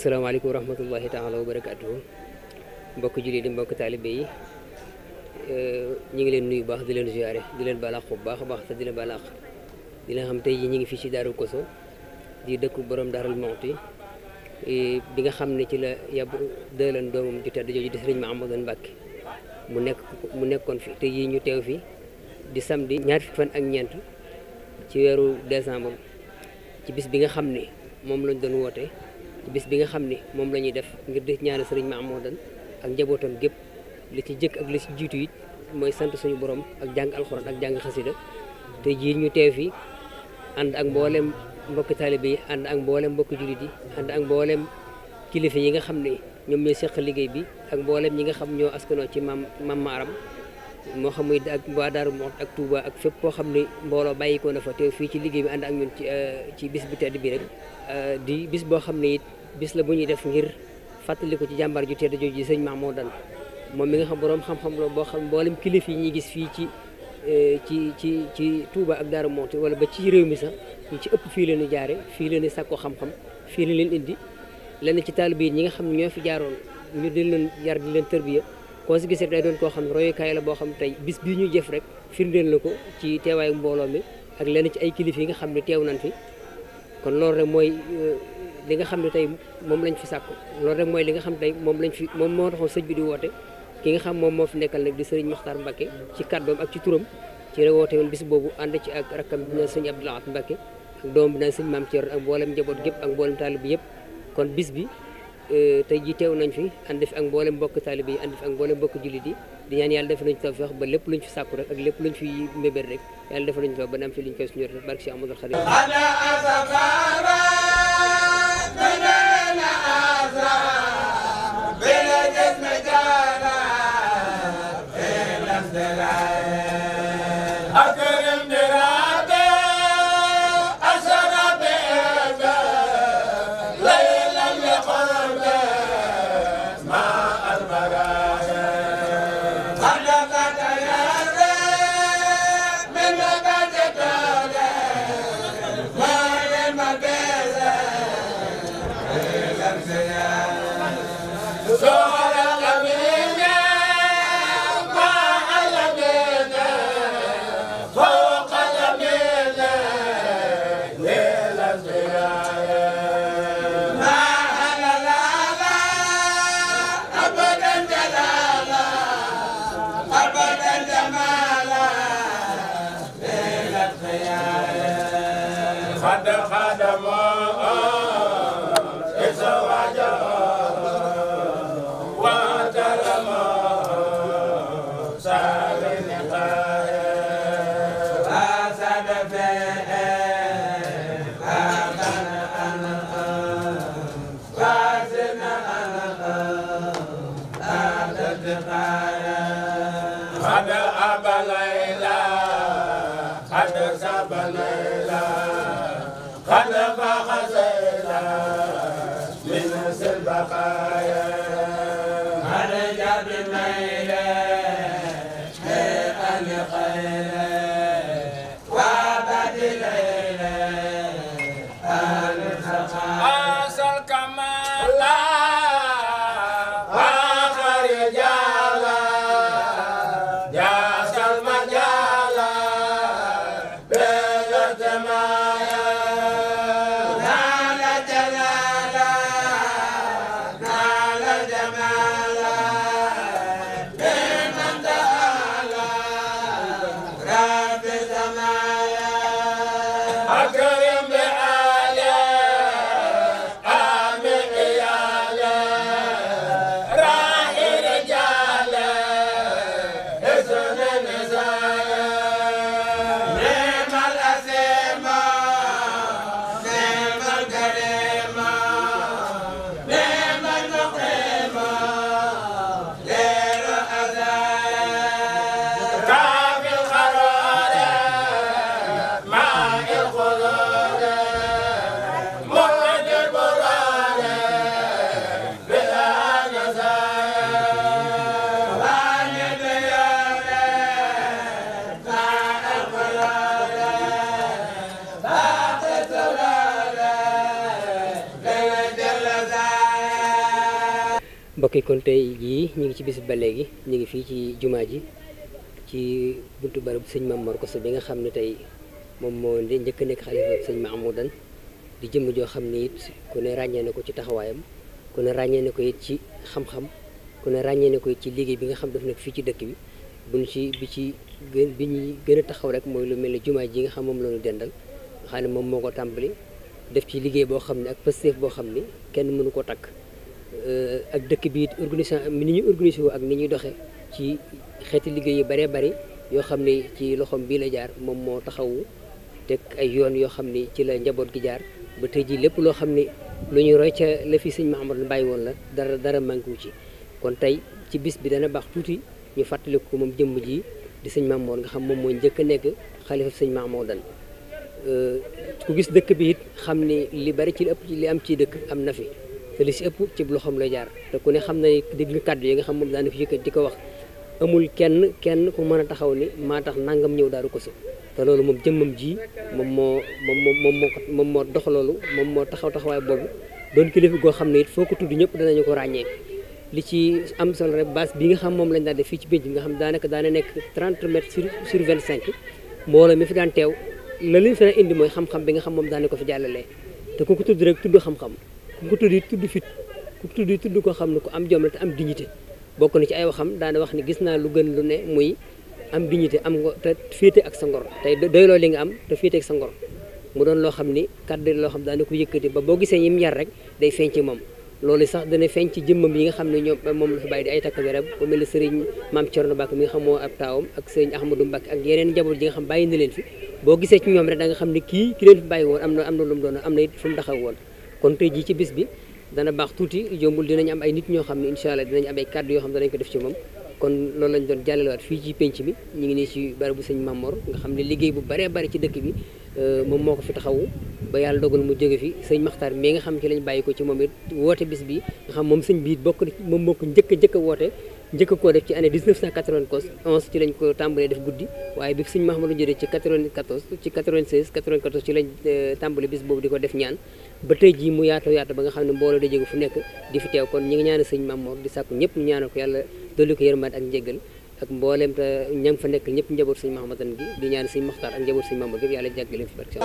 asalaamaaleykum wa rahmatullahi taala wa barakaatuhu mbokk jullit di mbokk taalibe yi eh, ñu ngi leen nuyu baax di leen ziyaare di leen baal bu baax baax te di leen baal di leen xam tey jii ñu ngi fii ci Daaru Koso di dëkk borom Daarul Muxti eh, bi nga xam ne ci la yàbb dëlan doomam ju tedd jooju di sëriñ Mahamadou Mbàkke mu nekk mu nekkoon fi te yi ñu teew fi di samedi ñaar fukki fan ak ñeent ci weeru décembre ci bis bi nga xam ni moom lañ doon woote bis bi nga xam ni moom la ñuy def ngir di ñaanal sëriñ Maamoodan ak njabootam gépp li ci jëkk ak li ci jiitu yi mooy sant suñu borom ak jàng alxuraan ak jàng xasida te jii ñu teew fi ànd ak mboolem mbokki taalibe yi ànd ak mboolem mbokki julit yi ànd ak mboolem kilifa yi nga xam ne ñoom ñooy seq liggéey bi ak mboolem ñi nga xam ñoo askanoo ci maam mamaaram moo xam muy ak waa Daaru Muxti ak Touba ak fépp koo xam ne mbooloo bàyyi ko na fa te fii ci liggéey bi ànd ak ñun ci euh, ci bis bu tedd bi rek euh, di bis boo xam ne it bis la bu ñuy def ngir fàttali ko ci jàmbaar ju tedd jooju sëñ moo Mahmoudan moom mi nga xam boroom xam-xam la boo xam mboolem kilifa yi ñuy gis fii ci euh, ci ci ci Touba ak Daaru Muxti wala ba ci réew mi sax ñu ci ëpp fii leen jaare fii leen sàkko xam-xam fii la leen indi lenn ci taalibe yi ñi nga xam ñoo fi jaaroon ñu di leen yar leen tërbiya koo day doon koo xam ne royukaay la boo xam tey bis bii ñu jëf rek firndeel na ko ci teewaayu mbooloo mi ak lenn ci ay kilifa yi nga xam ne teew nañ fi kon loolu rek mooy euh, li nga xam ne tey moom lañ fi sàkku loolu rek mooy li nga xam tey moom lañ fi moom moo taxoon sëñ bi di woote ki nga xam moom moo fi nekkal nag di sëriñ Maxtaar Mbacke ci kàddoom ak ci turam ci la woote woon bis boobu ànd ci ak rakkam bi naan sëñ Abdoulaye Mbacke ak doom bi naan sëñ Maam Thierno ak mboolem njaboot gépp ak mboolem taalib bi yëpp Euh, tey jii teew nañ fi ànd def ak mboolem mbokk taalibe yi ànd fi boole mboolem mbokk jullit yi di ñaan yàlla def nañ ci tawfeex lépp luñ fi sàkku rek ak lépp luñ fi mbébét rek yàlla def nañ ko ba naam fi liñ koy suñu rek barke si Amadou Xadim Akere ختم kon tey jii ñu ngi ci bis ba léegi ñu ngi fii ci jumaa ji ci buntu barab sëñ Mame Mor ko bi nga xam ne tey moom moo njëkk a nekk xalifa sëñ Mahmoudan di jëmm joo xam ne it ku ràññee na ko ci taxawaayam ku ràññee na ko it ci xam-xam ku ràññee na ko it ci liggéey bi nga xam def nag fii ci dëkk bi bu buñ ci bi ci gën bi ñuy gën a taxaw rek mooy lu mel ne jumaa ji nga xam moom loolu dendal nga moom moo ko tàmbali def ci liggéey boo xam ne ak pësteef boo xam ni kenn mënu koo takk Euh, ak dëkk bi it organisation ni ñuy organisé wu ak ni ñuy doxe ci xeeti liggéey yu bëree bëri yoo xam ne ci loxoom bii la jaar moom moo taxawu teg ay yoon yoo xam ne ci la njaboot gi jaar ba tey jii lépp loo xam ne lu ñuy roy ca la fi sëñ Mahamadou bàyyi woon la dara dara manqué ci. kon tey ci bis bi dana baax tuuti ñu fàttaliku ko moom jëmm ji di sëñ Mamoor nga xam moom moo njëkk a nekk xalifa sëñ Maamoodan euh, ku gis dëkk bi it xam ni li bari ci ëpp ci li am ci dëkk am na fi. te li si ëpp ci loxoom lay jaar te ku ne xam na dégg nga kàddu yi nga xam moom daan na fi yëkkati di ko wax amul kenn kenn ku mën a taxaw ni maa tax nangam ñëw daaru ko si te loolu moom jëmmam ji moom moo moom moom moo moom moo dox moom moo taxaw taxawaay boobu doon kilifa goo xam ne it foo ko tudd ñëpp danañu ko ràññee li ci am solo rek base bi nga xam moom lañ daan def fii ci pénc nga xam daanaka daana nekk 30 mètres sur sur 25 mbooloo mi fi daan teew la liñ fi indi mooy xam-xam bi nga xam moom daane ko fi jàllale te ku ko tudd rek tudd xam-xam ku tudd it tudd fit tudd it xam ne ku am jom la te am dignité bokk na ci ay waxam daana wax ni gis naa lu gën lu ne muy am dignité am nga te féete ak sa ngor tey doyloo li nga am te féete ak sa ngor doon loo xam ni kàddu loo xam daana ko yëkkati ba boo gisee yar rek day feeñ ci moom loolu sax dana feeñ ci jëmmam yi nga xam ne ñoom moom la fi bàyyi di ay takk garab bu mel ne sëriñ maam mi nga xam moo ab taawam ak sëriñ Ahmadou Mbacke ak yeneen njaboot yi nga xam bàyyi na leen fi boo gisee ci ñoom rek da nga xam ne kii ki leen fi bàyyi woon am na am na lu mu doon am na it fu mu woon kon tey jii ci bis bi dana baax tuuti yombul dinañ am ay nit ñoo xam ne incha allah dinañ am ay kàddu yoo xam ne danañ ko def ci moom kon loolu lañ doon jàllalewaat fii ci penc mi ñu ngi nii ci bu sëñ Mamor nga xam ne liggéey bu baree bari ci dëkk bi euh, moom moo ko fi taxawu ba yàlla dogal mu jóge fi sëñ Maxtaar mais nga xam ci lañ bàyyi ko ci moom it woote bis bi nga xam moom sëñ bi it bokk na moom moo ko njëkk njëkk a woote njëkk koo def ci année 1991 ci lañ ko tàmbalee def guddi waaye bi sëñ Mahamadou jëlee ci 94 ci 96 ci lañ euh, tàmbale bis boobu di ko def ñaan ba tey jii mu yaatoo yaatoo ba nga xam ne mbooloo dajegu fu nekk di fi teew kon ñi ngi ñaanal sëñ Mamoor di sàkku ñëpp ñaanal ko yàlla dolli ko yërmaat ak njéggal ak mbooleem ñam fa nekk ñëpp njaboot sëñ Mahamadan bi di ñaan sëñ Maxtaar ak njaboot sëñ Mamoor yëpp yàlla fi barke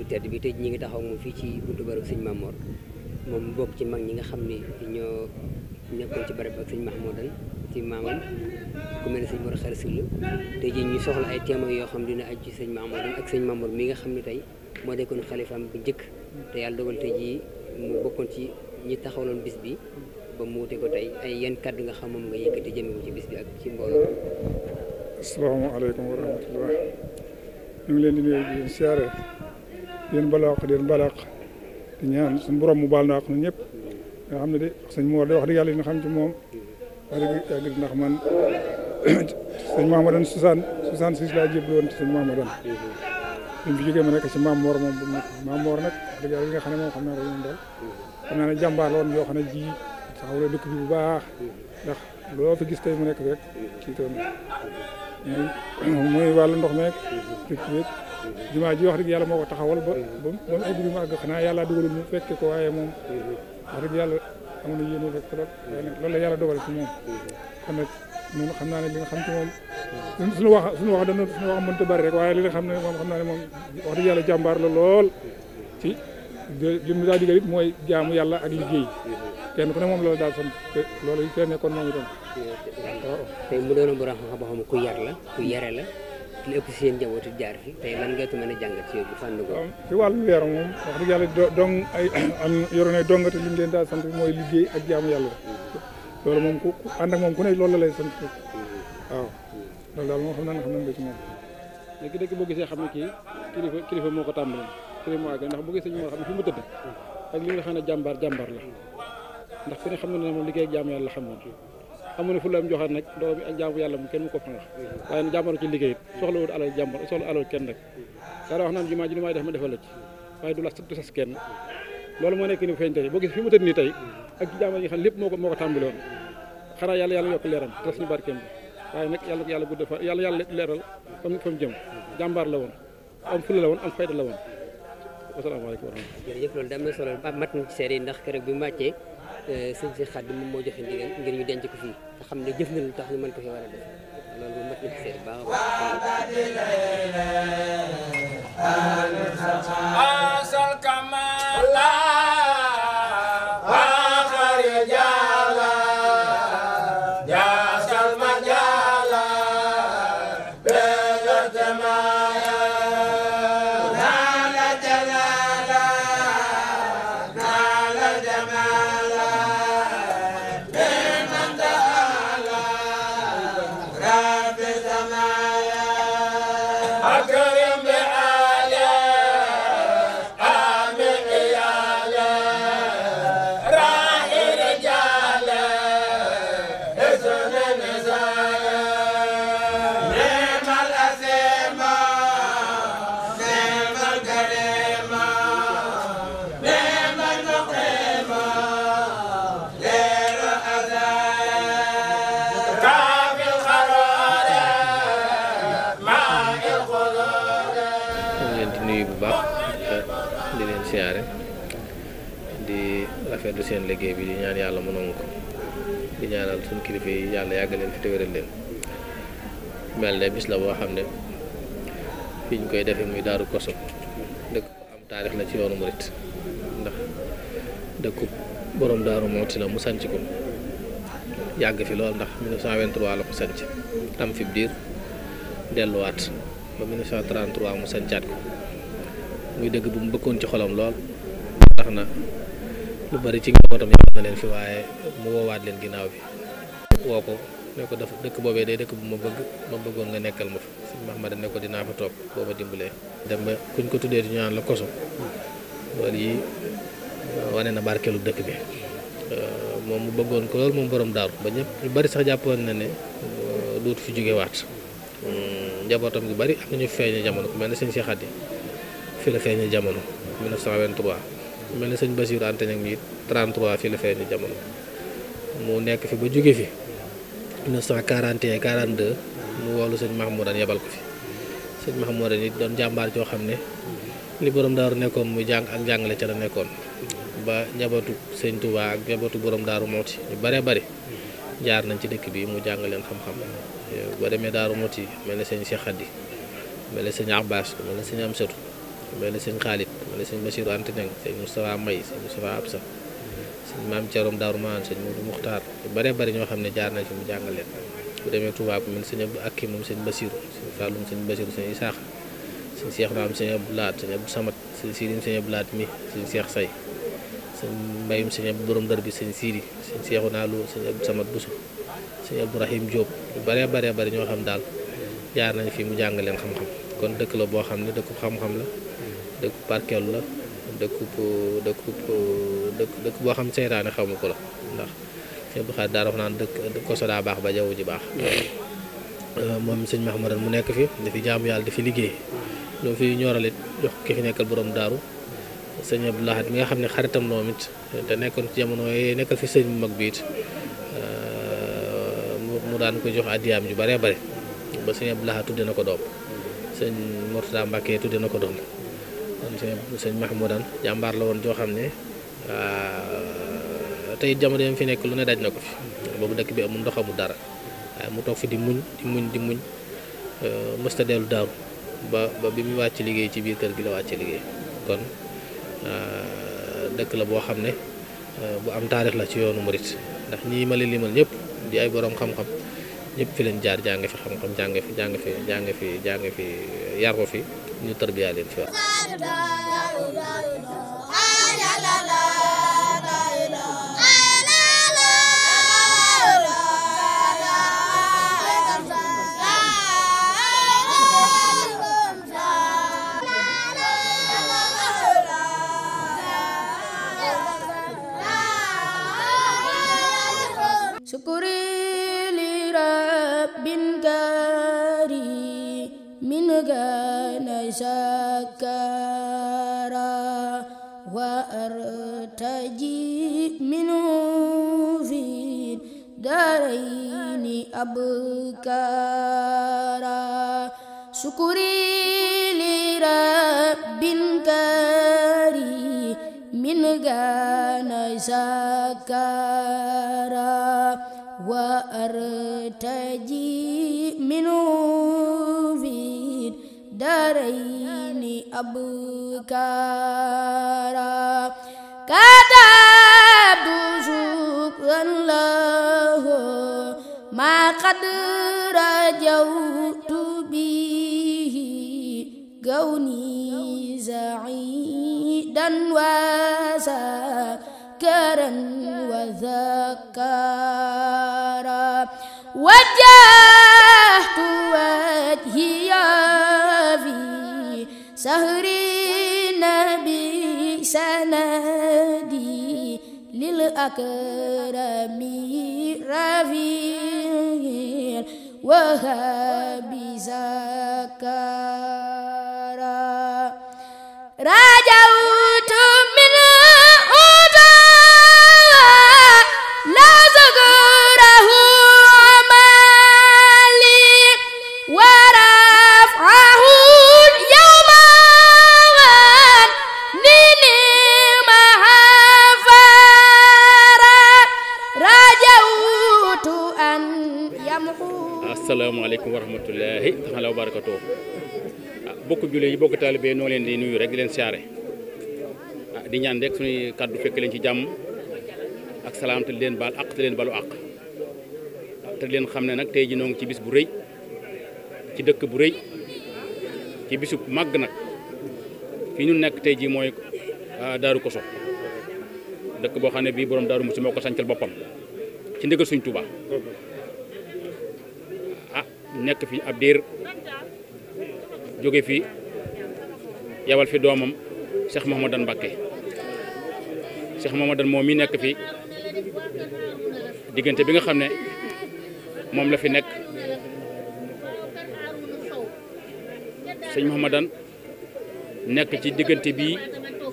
bu tedd bi tey ñu ngi taxaw moom fii ci buntu barab sëñ Mamor moom bokk ci mag ñi nga xam ne ñoo nekkoon ci barab ak sëñ Mahmoudan ci maamam ku mel ne sëñ Mor Xar Sylla tey jii ñu soxla ay témoins yoo xam dina aj ci sëñ Mahmoudan ak sëñ Mamor mi nga xam ne tey moo nekkoon xalifaam bu njëkk te yàlla dogal tey jii mu bokkoon ci ñi taxawaloon bis bi ba mu wute ko tey ay yan kàddu nga xam moom nga yëkkati jëme ko ci bis bi ak ci mbooloo. asalaamaaleykum wa rahmatulah ñu leen di nuyu di leen siyaare di leen balaax di leen ñaan suñu borom mu baal na ak ñun ñëpp nga xam ne de sëñ Mor de wax dëgg yàlla yi nga xam ci moom wax man sëñ Mahamadan soixante soixante six laa jébbi woon ci sëñ Mahamadan ñu nekk ci Maam Mor moom bu nekk Maam wax dëgg yàlla yi nga ne moom xam naa ko ñoom daal xam naa ne jàmbaar yoo xam ne ji taxawle dëkk bi bu baax ndax loo fi gis tey mu nekk rek kii toon mooy ndox meek jumaa ji wax dëgg yàlla moo ko taxawal ba ba mu egg bi mu yàlla dugalul mu moom wax dëgg yàlla am na yéene loolu la yàlla dogal ci moom kon nag ñun xam naa ne li nga xam ci moom suñu wax suñu wax dana suñu wax mënta bari rek waaye li xam ne moom xam naa ne moom wax dëgg yàlla jàmbaar la lool ci li mu daa digal mooy jaamu yàlla ak liggéey kenn ku ne moom loolu daal sant te loolu yi fee nekkoon moom itam waaw mu doon borom xam-xam boo xam ku yar la ku yare la li ëpp seen njaboot jaar fi tey lan nga mën a ci yooyu fànn ko ci wàllu weer moom wax dëgg yàlla dong ay am yoroon ay dongate li ñu leen daal sant mooy liggéey ak jaamu yàlla loolu moom ku ànd ak moom ku ne loolu la lay sant waaw loolu daal moom xam naa ne xam nañ ko ci moom léegi xam ne kii kilifa kilifa moo ko tàmbali kilifa moo àgg ndax boo sañ moo xam ne fi mu tëdd ak li nga xam ne jàmbaar jàmbaar la ndax ku ne xam ne moom liggéey ak jaamu xam xamoon amoon a fulaam joxaat nag doo bi ak jaamu yàlla mu kenn mu ko fangax waaye nag jàmbaro ci liggéey soxla wut alal jàmbaro soxla alal kenn rek dara wax naan jumaa ji la ci waaye du la du sas kenn loolu moo nga xam lépp moo ko moo ko woon xanaa yàlla yàlla yokk leeram la woon am fula la woon am fayda la woon wasalaamaaleykum wa rahmatulah jërëjëf sëñ xadd moom moo joxe ndigal ngir ñu denc ko fi nga xam ne jëf na lu tax ñu mën ko fi war a def loolu moom mat na ci seet baax a baax seen liggéey bi di ñaan yàlla mu nangu ko di ñaanal suñu kilifa yi yàlla yàgg leen fi téwéral leen mel ne bis la boo xam ne fi ñu koy defee muy daaru koso dëkk am taarix la ci yoonu murit ndax dëkku borom daaru mooti la mu sanc ko yàgg fi lool ndax 1923 la ko sanc am fi biir delluwaat ba mu sancaat ko muy dëgg bu mu bëggoon ci xolam lool tax na lu bari ci njabootam yàgg na leen fi waaye mu woowaat leen ginnaaw bi woo ko ne ko dafa dëkk boobee day dëkk bu ma bëgg ma bëggoon nga nekkal ma fa sëñ Mahmada ne ko dinaa fa toog boo ma dimbalee dem ba kuñ ko tuddee di ñu naan la koso loolu yi euh, wane na barkeelu dëkk bi euh, moom mu bëggoon ko loolu moom borom daaru ba ñëpp ñu bari sax jàppoon na ne euh, duutu fi jóge waat hmm, njabootam yu bari am nañu feeñu jamono ku mel ne sëñ Cheikh Khady fi la feeñu jamono mel ni sëñ Basiiru Anta Ñaŋ mi 33 fii la feeñu jamono mu nekk fi ba jóge fi 1941 42 mu woolu sëñ Mahmoudan yebal ko fi sëñ Mahmoudan it doon jàmbaar joo xam ne li borom daaru nekkoon mu jàng ak jàngale ca la nekkoon ba njabootu sëñ Touba ak njabootu borom daaru Moti ñu bare bari jaar nañ ci dëkk bi mu jàng leen xam-xam ba demee daaru Moti mel ni sëñ Cheikh Khady mel ne sëñ Abbas mel ni sëñ Amsatu mel ni sëñ Khalid Sall sëñ Bachirou Anta Niang sëñ Moustapha May sëñ Moustapha Absa sëñ Maam Thiarom Daaru Maan sëñ Modou Muxtaar baree bare bari ñoo xam ne jaar nañ fi mu jàngal leen bu demee Touba ku mel sëñ Abdou Akki moom sëñ Bachirou sëñ Falloum sëñ Bachirou sëñ Isaaxa sëñ Cheikh Laat sëñ Abdou Samat sëñ Sirim sëñ Abdou Laat Say sëñ Mbayum sëñ Abdou Borom Dër bi sëñ Siri sëñ Cheikhu Naalu sëñ Abdou Samat Bousso sëñ Abdou Rahim Diop yu bari ñoo xam daal jaar nañ fi mu jàngal leen xam kon dëkk la boo xam ne dëkku xam-xam la dëkku parkel la dëkkub dëkkub dëkk dëkk boo xam seytaane xamu ko la ndax sëñ bu xaar daa wax naan dëkk koso daa baax ba jaww ji baax euh, moom sëñ Mahamadan mu nekk fi di fi jaamu yàlla di fi liggéey loo fi ñoralit jox ki fi nekkal boroom daaru sëñ Abdou Lahad mi nga xam ne xaritam loom te nekkoon ci jamono yi nekkal fi sëñ bu mag bi euh, mu daan ko jox addiyaam ju bare bare ba sëñ Abdou Lahad tudde na ko doom sëñ Mourtada Mbacke tudde na ko doom sëñ sëñ Mahmoudane jàmbaar la woon joo xam ne euh, tey jamono yam fi nekk lu ne daj na ko fi boobu dëkk bi amul ndox dara waaye mu toog fi di muñ di muñ di muñ euh, mësta dellu daaru ba ba bi mu wàcc liggéey ci biir kër gi la wàcc liggéey kon euh, dëkk la boo xam ne bu am taarix la ci yoonu murit ndax ñii ma leen limal ñëpp di ay boroom xam-xam ñëpp fi leen jaar jàng fi xam-xam jàng fi jàng fi jàng fi jàng fi yar ko fi ñu tarbiyaa leen fi wax أبكارا شكري لرب كريم من غنى زكارا وأرتجي منه في دارين أبكارا que asalaamaaleykum wa rahmatulahi taala wa barakatoo ah bokk julli yi bokk taalibe noo leen di nuyu rek leen siyaare ah, di ñaan rek suñuy kàddu fekk leen ci jàmm ak salaam te leen baal àq te leen balu àq ah, te leen xam ne nag tey ji noo ngi ci bis bu rëy ci dëkk bu rëy ci bisu màgg nag fi ñu nekk tey ji mooy ah, Daaru Koso dëkk boo xam ne bii borom Daaru Musi moo ko sancal boppam ci ndigal Sëñ Tuubaa nekk fi ab diir jóge fi yabal fi doomam Cheikh Mouhamadan Mbacké Cheikh Mouhamadan moom mi nekk fi diggante bi nga xam ne moom la fi nekk sëñ Mouhamadan nekk ci diggante bii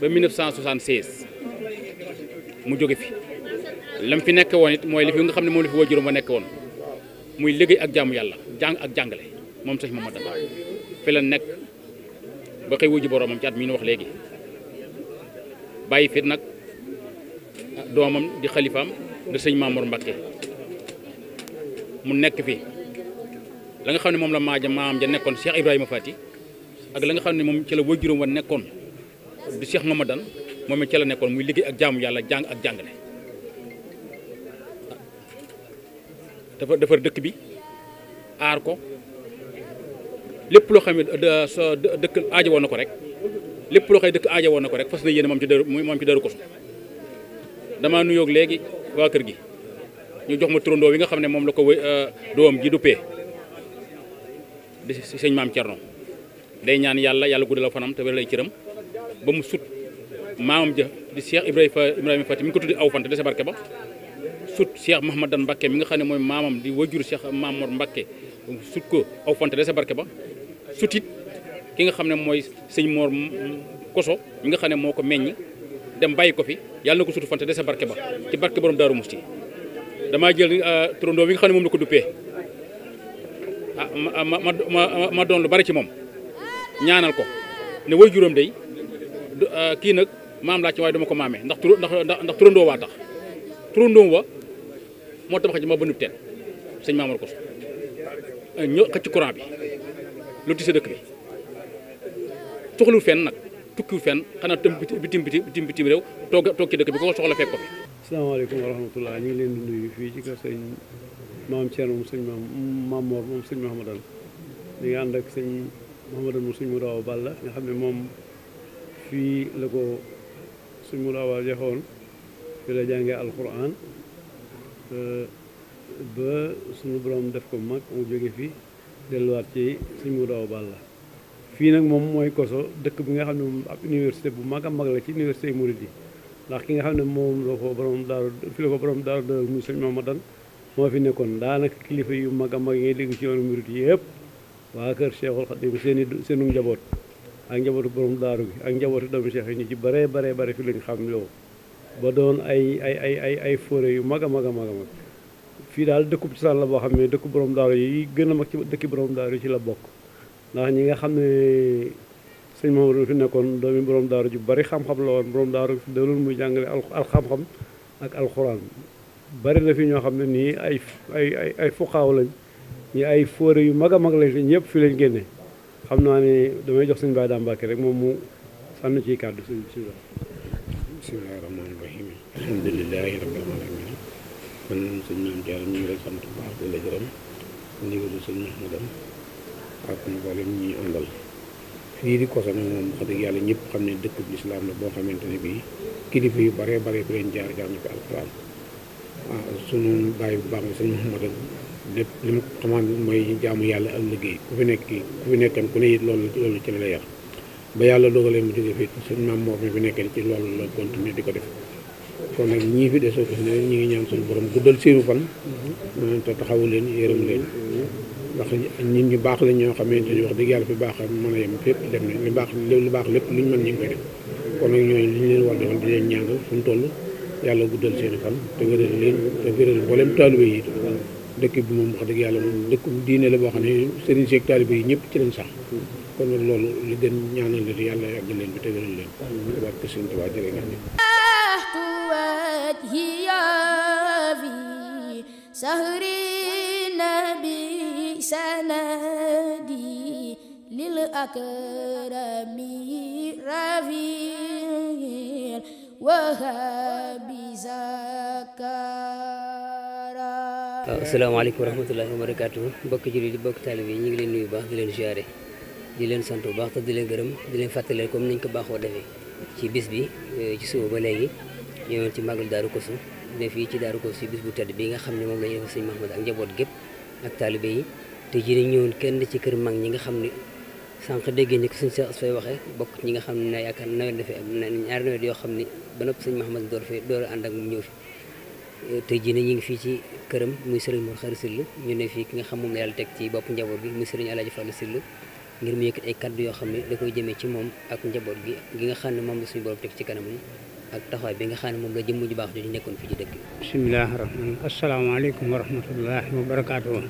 ba 1976 mu jóge fi lam fi nekk woon it mooy li fi nga xam ne moom la fi waajuram ba nekk woon muy liggéey ak jaamu yàlla jàng ak jàngale moom sëñ Mamadou Ba fi la nekk ba xëy wuju boroomam ci at mi ñu wax léegi bàyyi fit nag doomam di xalifaam sëñ Mamour Mbacké nekk fi la nga xam ne moom la maaja maam ja nekkoon Cheikh Ibrahima Fati ak la nga xam ne moom ci la wajuram nekkoon di Cheikh Mamadan moom it ci la nekkoon muy liggéey ak jaamu yàlla jàng ak jàngale dafa defar dëkk bi aar ko lépp loo xam ne dëkk woon na ko rek lépp loo xam dëkk aajo woon na ko rek fas na yéene moom ci daru moom ci daru kosu damaa nuyoog léegi waa kër gi ñu jox ma turandoo wi nga xam ne moom la ko wéy euh, doom ji duppee di sëñ maam Thierno day ñaan yàlla yàlla guddal fanam te wér lay cëram ba mu sut maamam ja di Cheikh Ibrahima Ibrahima Fati mi ngi tudd aw fan te dese barke ba sut Cheikh Mahmadan Mbakke mi nga xam ne mooy maamam di wajur Cheikh Mamor Mbakke sut ko aw fante de sa barke ba sut ki nga xam ne mooy sëñ Mor Koso mi nga xam ne moo ko meññ dem bàyyi ko fi yàlla ko sutu fante de barke ba ci barke borom Daaru Musti damaa jël euh, turandoo bi nga xam ne moom la ko duppee ah, ah ma ma ma ma doon lu bari ci moom ñaanal ko ne wajuram day euh, kii nag maam laa ci waaye dama ko maamee ndax tur ndax turandoo waa tax turandoo wa moo tabax ji ma bëndu teen sëñ Maamar Koso euh, ñëw xëcc courant bi lotissé dëkk bi soxlawul fenn nag tukkiwul fenn xanaa tam bitim bitim bitim bitim réew toog toog ci dëkk bi ko soxla fekk ko fi. asalaamaaleykum wa rahmatulah ñu ngi leen di nuyu fii ci kër sëñ maam Thierno moom sëñ maam maam Mor moom sëñ Mahamadan ñu ngi ànd ak sëñ Mahamadan moom sëñ Mourawa Balla nga xam ne moom fii la ko sëñ Mourawa joxoon fi la jàngee alquran. Euh, ba suñu borom def ko mag mu jóge fi delluwaat ci sëñ Modou Awa Balla fii nag moom mooy koso dëkk bi nga xam ne moom ab université bu mag a mag la ci université Mouride yi ndax ki nga xam ne moom la ko borom daaru fi la ko borom daaru dër muy sëñ moo fi nekkoon daanaka kilifa yu mag a mag yi ngay dégg ci yoonu Mouride yi yëpp waa kër Cheikhul Khadim seen i seenu njaboot ak njabootu borom daaru bi ak njabootu doomu Cheikh yi ñu ci bare bare bare fi lañ xam loolu ba doon ay ay ay ay ay yu mag a mag a mag a mag fii daal dëkkub cosaan la boo xam ne dëkku borom daaru yi gën a mag ci dëkki borom daaru yi ci la bokk ndax ñi nga xam ne sëñ Mamadou fi nekkoon doomi borom daaru ju bari xam-xam la woon borom daaru fi dalul muy jàngale al xam-xam ak alxuraan bari na fii ñoo xam ne nii ay ay ay ay lañ ñi ay forêt yu mag a mag lañ te ñëpp fi lañ génne xam naa ne damay jox sëñ Baye Dame Mbacké rek moom mu sànni ciy kàddu sëñ si bisimilah rahmaani rahim alhamdulilahi rabbil alamin man sëñ Maam Jaara ñu sant bu baax di la gërëm ndigalu sëñ Mahmadam ak mboolem ñi dëgg yàlla ñëpp xam ne dëkk bu lislaam la boo xamante ne bii kilifa yu bare bare fi jaar jaar ñu ko alxuraan ah, sunu baay bu baax la sëñ Mahmadam lépp li mu xamaan mooy jaamu yàlla ak liggéey ku fi nekk ku fi nekkan ku ne it loolu loolu ci la la ba yàlla dogalee mu jóge fii suñ maam moom mi fi nekkee ci loolu la continuer di ko def kon nag ñii fi desoo gis ne ñu ngi ñaan suñu borom guddal seenu fan te taxawu leen yërëm leen ndax nit ñu baax lañ ñoo xamante ni wax dëgg yàlla baax mën a yem fépp dem nañ lépp luñ mën ñu ngi koy li ñu leen war defal di leen ñàng fu mu toll yàlla guddal seeni fan te wéral leen te wéral mboolem taalibe yi dëkk bi moom wax dëgg yàlla moom dëkk diine la boo xam ne sëriñ seeg taalibe yi ñëpp ci lañ sax kon nag loolu li gën ñaanal leen yàlla yàgg leen bi tëgëral leen barke sëñ Tuubaa jërë ngeen سهري نبي سندي للأكرم رفيع وهابي زكارا asalaamaaleykum wa rahmatullaahi wa barakaatuh mbokk jullit yi ñu ngi leen nuyu baax leen ziyaare di leen sant bu baax te di leen gërëm di leen fàttali comme niñ ko baaxoo defee ci bis bi e, ci suba ba léegi ñëwoon ci màggal Daaru Kosu ne fii ci Daaru Kosu ci bis bu tedd bi nga xam ne moom la ñuy def sëñ Mahmoud ak njaboot gépp ak taalibe yi te ji dañ ñëwoon kenn ci kër mag ñi nga xam ne sànq déggee ni ko sëñ Cheikh waxee bokk ñi nga xam ne yaakaar nawet dafay am ñaari nawet yoo xam ne ba nopp sëñ Mahmoud door fee door ànd ak moom ñëw fi e, te ji ñu ngi fii ci këram muy sëriñ Mor Xari Syll ñu ne fii ki nga xam moom la yàlla teg ci bopp njaboot bi muy sëriñ Alaaji Fallu Syll ngir mu yëkkat ay kàddu yoo xam ne da koy jëmee ci moom ak njaboot bi gi nga xam ne moom la suñu borom teg ci kanamam ak taxawaay bi nga xam ne moom la jëmm ju baax jooju nekkoon fi ci dëkk bi. bisimilah rahmaan asalaamaaleykum wa rahmatullahi wa barakaatuhu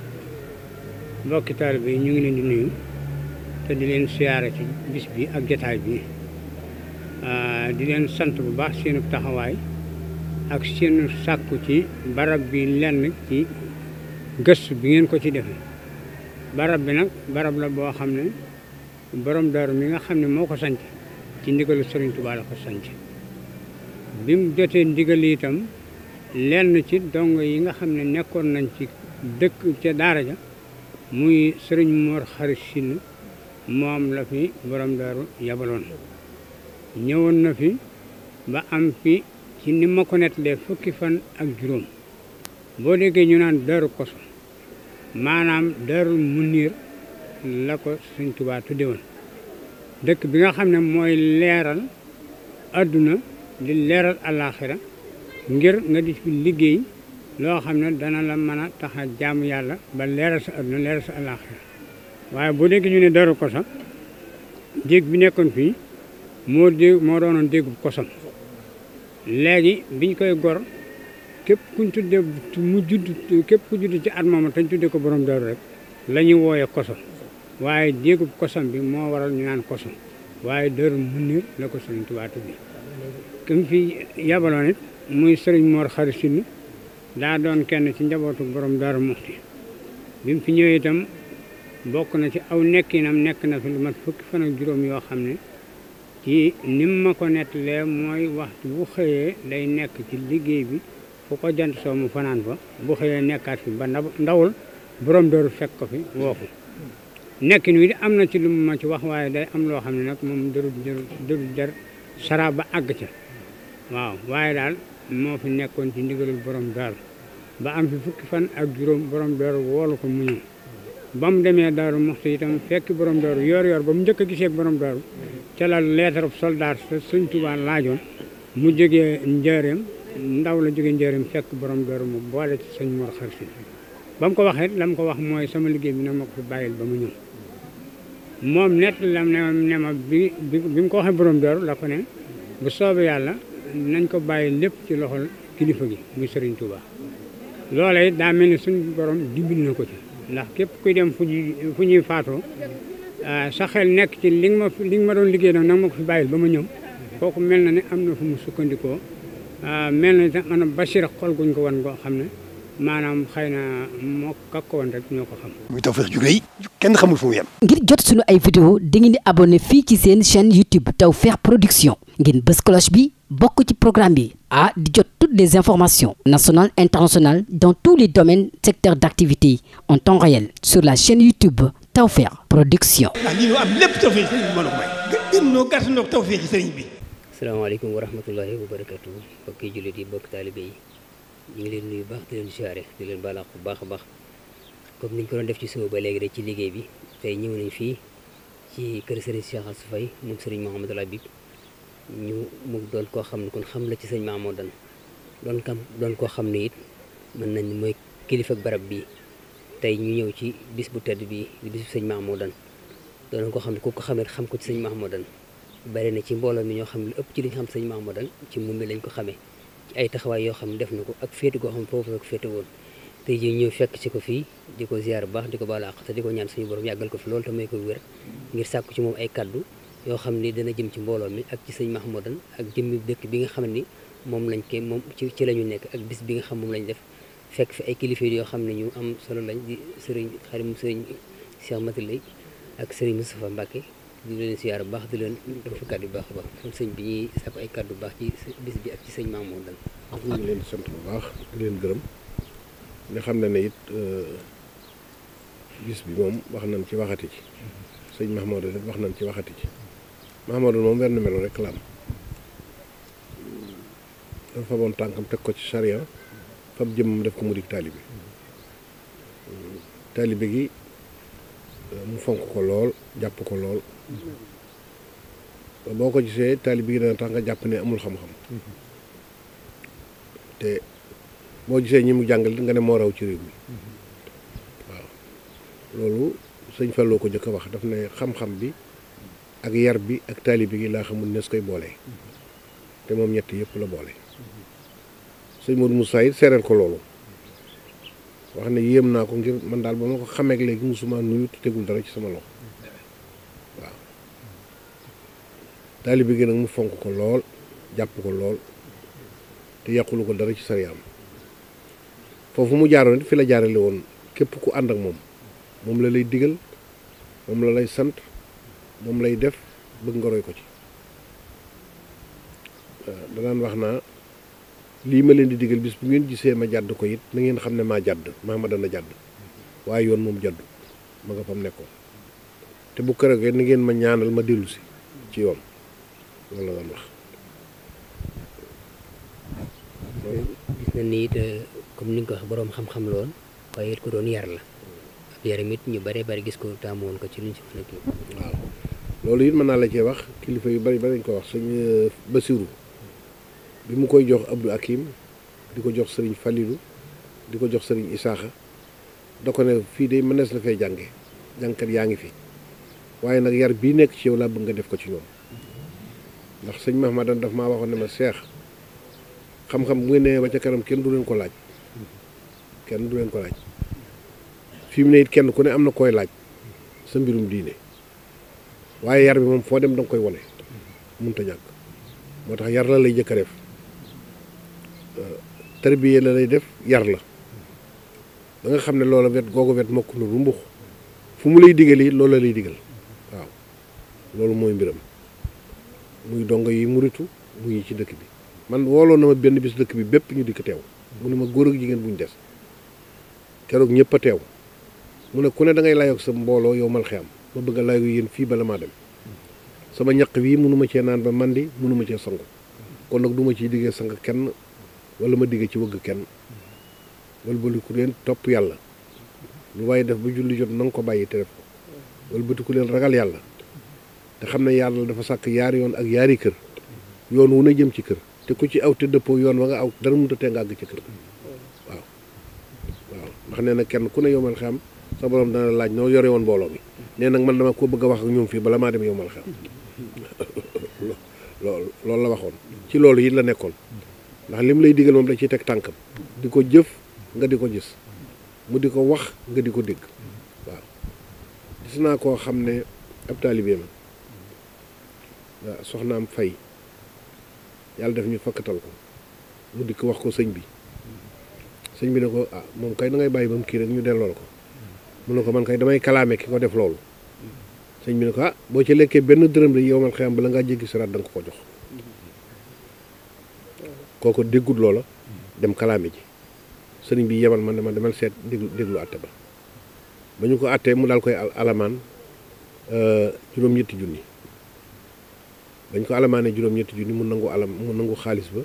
mbokki taalibe bi ñu ngi leen di nuyu te di leen siyaare ci bis bi ak jataay bi ah, di leen sant bu baax seenu taxawaay ak seenu sàkku ci barab bi lenn ci gëstu bi ngeen ko ci defee. barab bi nag barab la boo xam ne borom daaru mi nga xam ne moo ko sanc ci ndigalu Sëriñ Tuubaa la ko bi mu jotee ndigal itam lenn ci dongo yi nga xam ne nekkoon nañ ci dëkk ca daara ja muy Sëriñ Mor Xari Sin moom la fi borom daaru yabaloon ñëwoon na fi ba am fi ci ni ma ko fukki fan ak juróom boo déggee ñu naan daaru koso maanaam darul munir la ko sëñ tubaatu tudde woon dëkk bi nga xam ne mooy leeral adduna di leeral àllaaxira ngir nga di fi liggéey loo xam ne dana la man a tax a jaamu yàlla ba leeral sa adduna leeral sa àllaaxira waaye bu dégg ñu ne daru kosa déeg bi nekkoon fii moo dé moo doonoon déegub kosam léegi biñ koy gor képp kuñ tudde mu ku judd ci at mooma tañ tudde ko borom daaru rek la ñuy wooye koso waaye jéegub kosam bi moo waral ñu naan koso waaye daaru munir la ko sëriñ Tuubaa tudde ki fi yabaloon muy sëriñ moor Xari daa doon kenn ci njabootu borom daaru Muxti bi mu fi ñëwee itam bokk na ci aw nekkinam nekk na fi lu ma fukki fan juróom yoo xam ni ci nim ma ko nettalee mooy waxtu bu xëyee day nekk ci liggéey bi fu ko jant soo mu fanaan fa bu xëyee nekkaat fi ba ndawul borom dooru fekk ko fi woofu nekkin wi am na ci lu mu ma ci wax waaye day am loo xam ne nag moom dërut dërut jar sara ba àgg ca waaw waaye daal moo fi nekkoon ci ndigalul borom daaru ba am fi fukki fan ak juróom borom daaru woolu ko mu ñëw ba mu demee daaru muxti itam fekki borom daaru yor yor ba mu njëkk a gisee borom daaru ca la leetarub soldat sa Sëñ Tuubaa laajoon mu jógee njëreem ndaw la jóge njëriñ fekk borom dooru mu boole ci sëñ Mor Xar ba mu ko waxee la mu ko wax mooy sama liggéey bi na ma ko fi bàyyil ba mu ñëw nett la ne ma bi mu ko waxee borom dooru la ko bu soobee yàlla nañ ko bàyyi lépp ci loxol kilifa gi muy Sëriñ Tuuba loola it daa mel ni suñ borom dibil na ko ci ndax képp kuy dem fu ñuy fu ñuy faatoo ah, sa xel nekk ci li ma li nga ma doon liggéey nag nag ma ko fi bàyyil ba ma ñëw kooku mel na ne am na fu mu sukkandikoo Ah, mel na itam maanaam Bachir xol guñ ko wan goo xam ne maanaam xëy na moo ko wan ñoo ko xam. muy Tawfekh ju rëy kenn xamul fu mu yem. ngir jot sunu ay vidéo dangeen di abonné fii ci seen chaîne YouTube Tawfekh Production ngeen bës cloche bi bokk ci programme bi ah di jot toutes des informations national internationales dans tous les domaines secteurs d'activité en temps réel sur la chaîne YouTube Tawfekh Production. Ah, a may. gën gën ñoo gàtt asalaamaaleykum wa rahmatullahi wa barakatu mbokki jullit yi bokk taalibe yi ñu ngi leen nuyu baax di leen siyaare di leen balaax bu baax a baax comme niñ ko doon def ci suba ba léegi rek ci liggéey bi tey ñëw nañ fii ci kër sëriñ Cheikh Assou Faye moom sëriñ Mouhamadou Habib ñu mu doon koo xam ne kon xam la ci sëñ Mamadou doon kam doon koo xam ne it mën nañ mooy kilifa barab bi tey ñu ñëw ci bis bu tedd bi di bisu sëñ Mamadou doon koo xam ne ku ko xamee xam ko ci sëñ Mamadou bari na ci mbooloo mi ñoo xam ne ëpp ci li ñu xam sëñ Mahmoudan ci moom mi lañ ko xamee ci ay yoo xam ne def na ko ak féete goo xam foofu la ko féete woon tey ñëw fekk ci ko fii di ko ziar bu baax di ko baal àq te di ko ñaan suñu borom yàggal ko fi loolu ko wér ngir sàkku ci moom ay kaddu yoo ni dana jëm ci mbooloo mi ak ci sëñ Mahmoudan ak jëmmi dëkk bi nga xam ni moom lañ koy moom ci ci la ñu nekk ak bis bi nga xam moom lañ def fekk fi ay kilifa yoo xam ne ñu am solo lañ di sëriñ xarim sëriñ Cheikh Matilay ak sëriñ Moustapha Mbacke di leen siyaar bu baax di leen def kàddu bu baax a baax kon sëñ bi ñuy sàkk ay kàddu bu baax ci bis bi ak sëñ Mamour Dal. ñu ngi leen di sant bu baax di leen gërëm nga xam ne ne it euh, bis bi moom wax nañ ci waxati ci sëñ Mahmoudou rek wax nañ ci waxati ci Mahmoudou moom wenn melo rek la am faboon tànkam teg ko ci charia fab jëmmam def ko mu dig taalibe taalibe gi euh, mu fonk ko lool jàpp ko lool. boo ko gisee taalibe bi dana tax nga jàpp ne amul xam-xam te boo gisee ñi mu li nga ne moo raw ci réew mi waaw loolu sëñ Fallou ko njëkk a wax daf ne xam-xam bi ak yar bi ak taalibe gi laa xamul nees koy boole te moom ñett yëpp la boole sëñ Modou Moussa it seereel ko loolu wax ne yéem naa ko ngir man daal ba ma ko xamee léegi mu musuma nuyu tegul dara ci sama loxo taalibe gi nag mu fonk ko lool jàpp ko lool te yàqulu ko dara ci sariyaam foofu mu jaaroon it fi la jaarale woon képp ku ànd ak moom moom la lay digal moom la lay sant moom lay def bëgg nga roy ko ci danaan wax naa lii ma leen di digal bis bu ngeen gisee ma jàdd ko it na ngeen xam ne maa jàdd maa ma dana jàdd waaye yoon moom jàddu ma nga fam nekkoon te bu kër na ngeen ma ñaanal ma dellu ci yoon loolu la wax euh, comme ni ko wax boroom xam waaye ko doon yar la ak yaram bare bari gis ko taamu ko ci luñ si loolu it mën naa la cee wax kilifa yu bari bari ñu ko wax sëñ euh, Basiru bi mu koy jox Abdou Akim di ko jox sëriñ Falilu di ko jox sëriñ Isaaxa da ko ne fii de mënees la fee jànge jàngkat yaa ngi fi waaye nag yar bii nekk ci yow laa bëgg nga def ko ci ñoom ndax sëñ Mahmadan daf maa waxoon ne ma seex xam-xam bu ngeen nee ba ca kanam kenn du leen ko laaj kenn du leen ko laaj fi mu ne it kenn ku ne am na koy laaj sa mbirum diine waaye yar bi moom foo dem danga koy wone mënut a ñàkk moo tax yar la lay jëkk a def tarbiye la lay def yar la da xam ne loola wet googu wet mokk na rumbux fu mu lay digal yi loola lay digal waaw loolu mooy mbiram muy dongo yi muritu mu ngi ci dëkk bi man wooloon na ma benn bis dëkk bi bépp ñu dikk teew mu ne ma góor jigéen bu ñu des keroog ñëpp a teew mu ku ne dangay ngay layoog sa mbooloo yow mal xeyam ma bëgg a layoo yéen fii bala maa dem sama ñaq wii mënuma cee naan ba mandi mënuma cee sangu kon nag duma ciy diggee sang kenn wala ma diggee ci wëgg kenn walbatiku leen topp yàlla lu waaye def ba julli jot na ko bàyyi te def ko walbatiku leen ragal yàlla te xam ne yàlla dafa sàkk yaar yoon ak yaari kër yoon wu na jëm ci kër te ku ci aw te dëppoo yoon wa nga aw dara mënut a nga àgg ci kër waaw waaw ndax nee na kenn ku ne yomal xam sa borom dana laaj noo yore woon mbooloo mi nee nag man dama koo bëgg a wax ak ñoom fii bala maa dem yomal xam loolu la waxoon ci loolu yit la nekkoon ndax li lay digal moom da ciy teg tànkam di ko jëf nga di ko gis mu di ko wax nga di ko dégg waaw gis naa koo xam ne ab soxnaam fay yàlla def ñu fakkatal ko mu dikk wax ko sëñ bi sëñ bi ne ko ah moom kay da ngay bàyyi ba mu kii rek ñu delloo ko mu ne ko man kay damay kalaame ki ko def loolu sëñ bi ne ko ah boo ci lekkee benn dërëm la yow man xëyam bala ngaa jéggi siraat danga ko ko jox kooko déggut loola dem kalaame ji sëriñ bi yebal man dama demal seet déglu déglu àtte ba ba ñu ko àttee mu daal koy alamaan euh, juróom-ñetti junni bañ ko alamaane juróom-ñetti junni mu nangu alam mu nangu xaalis ba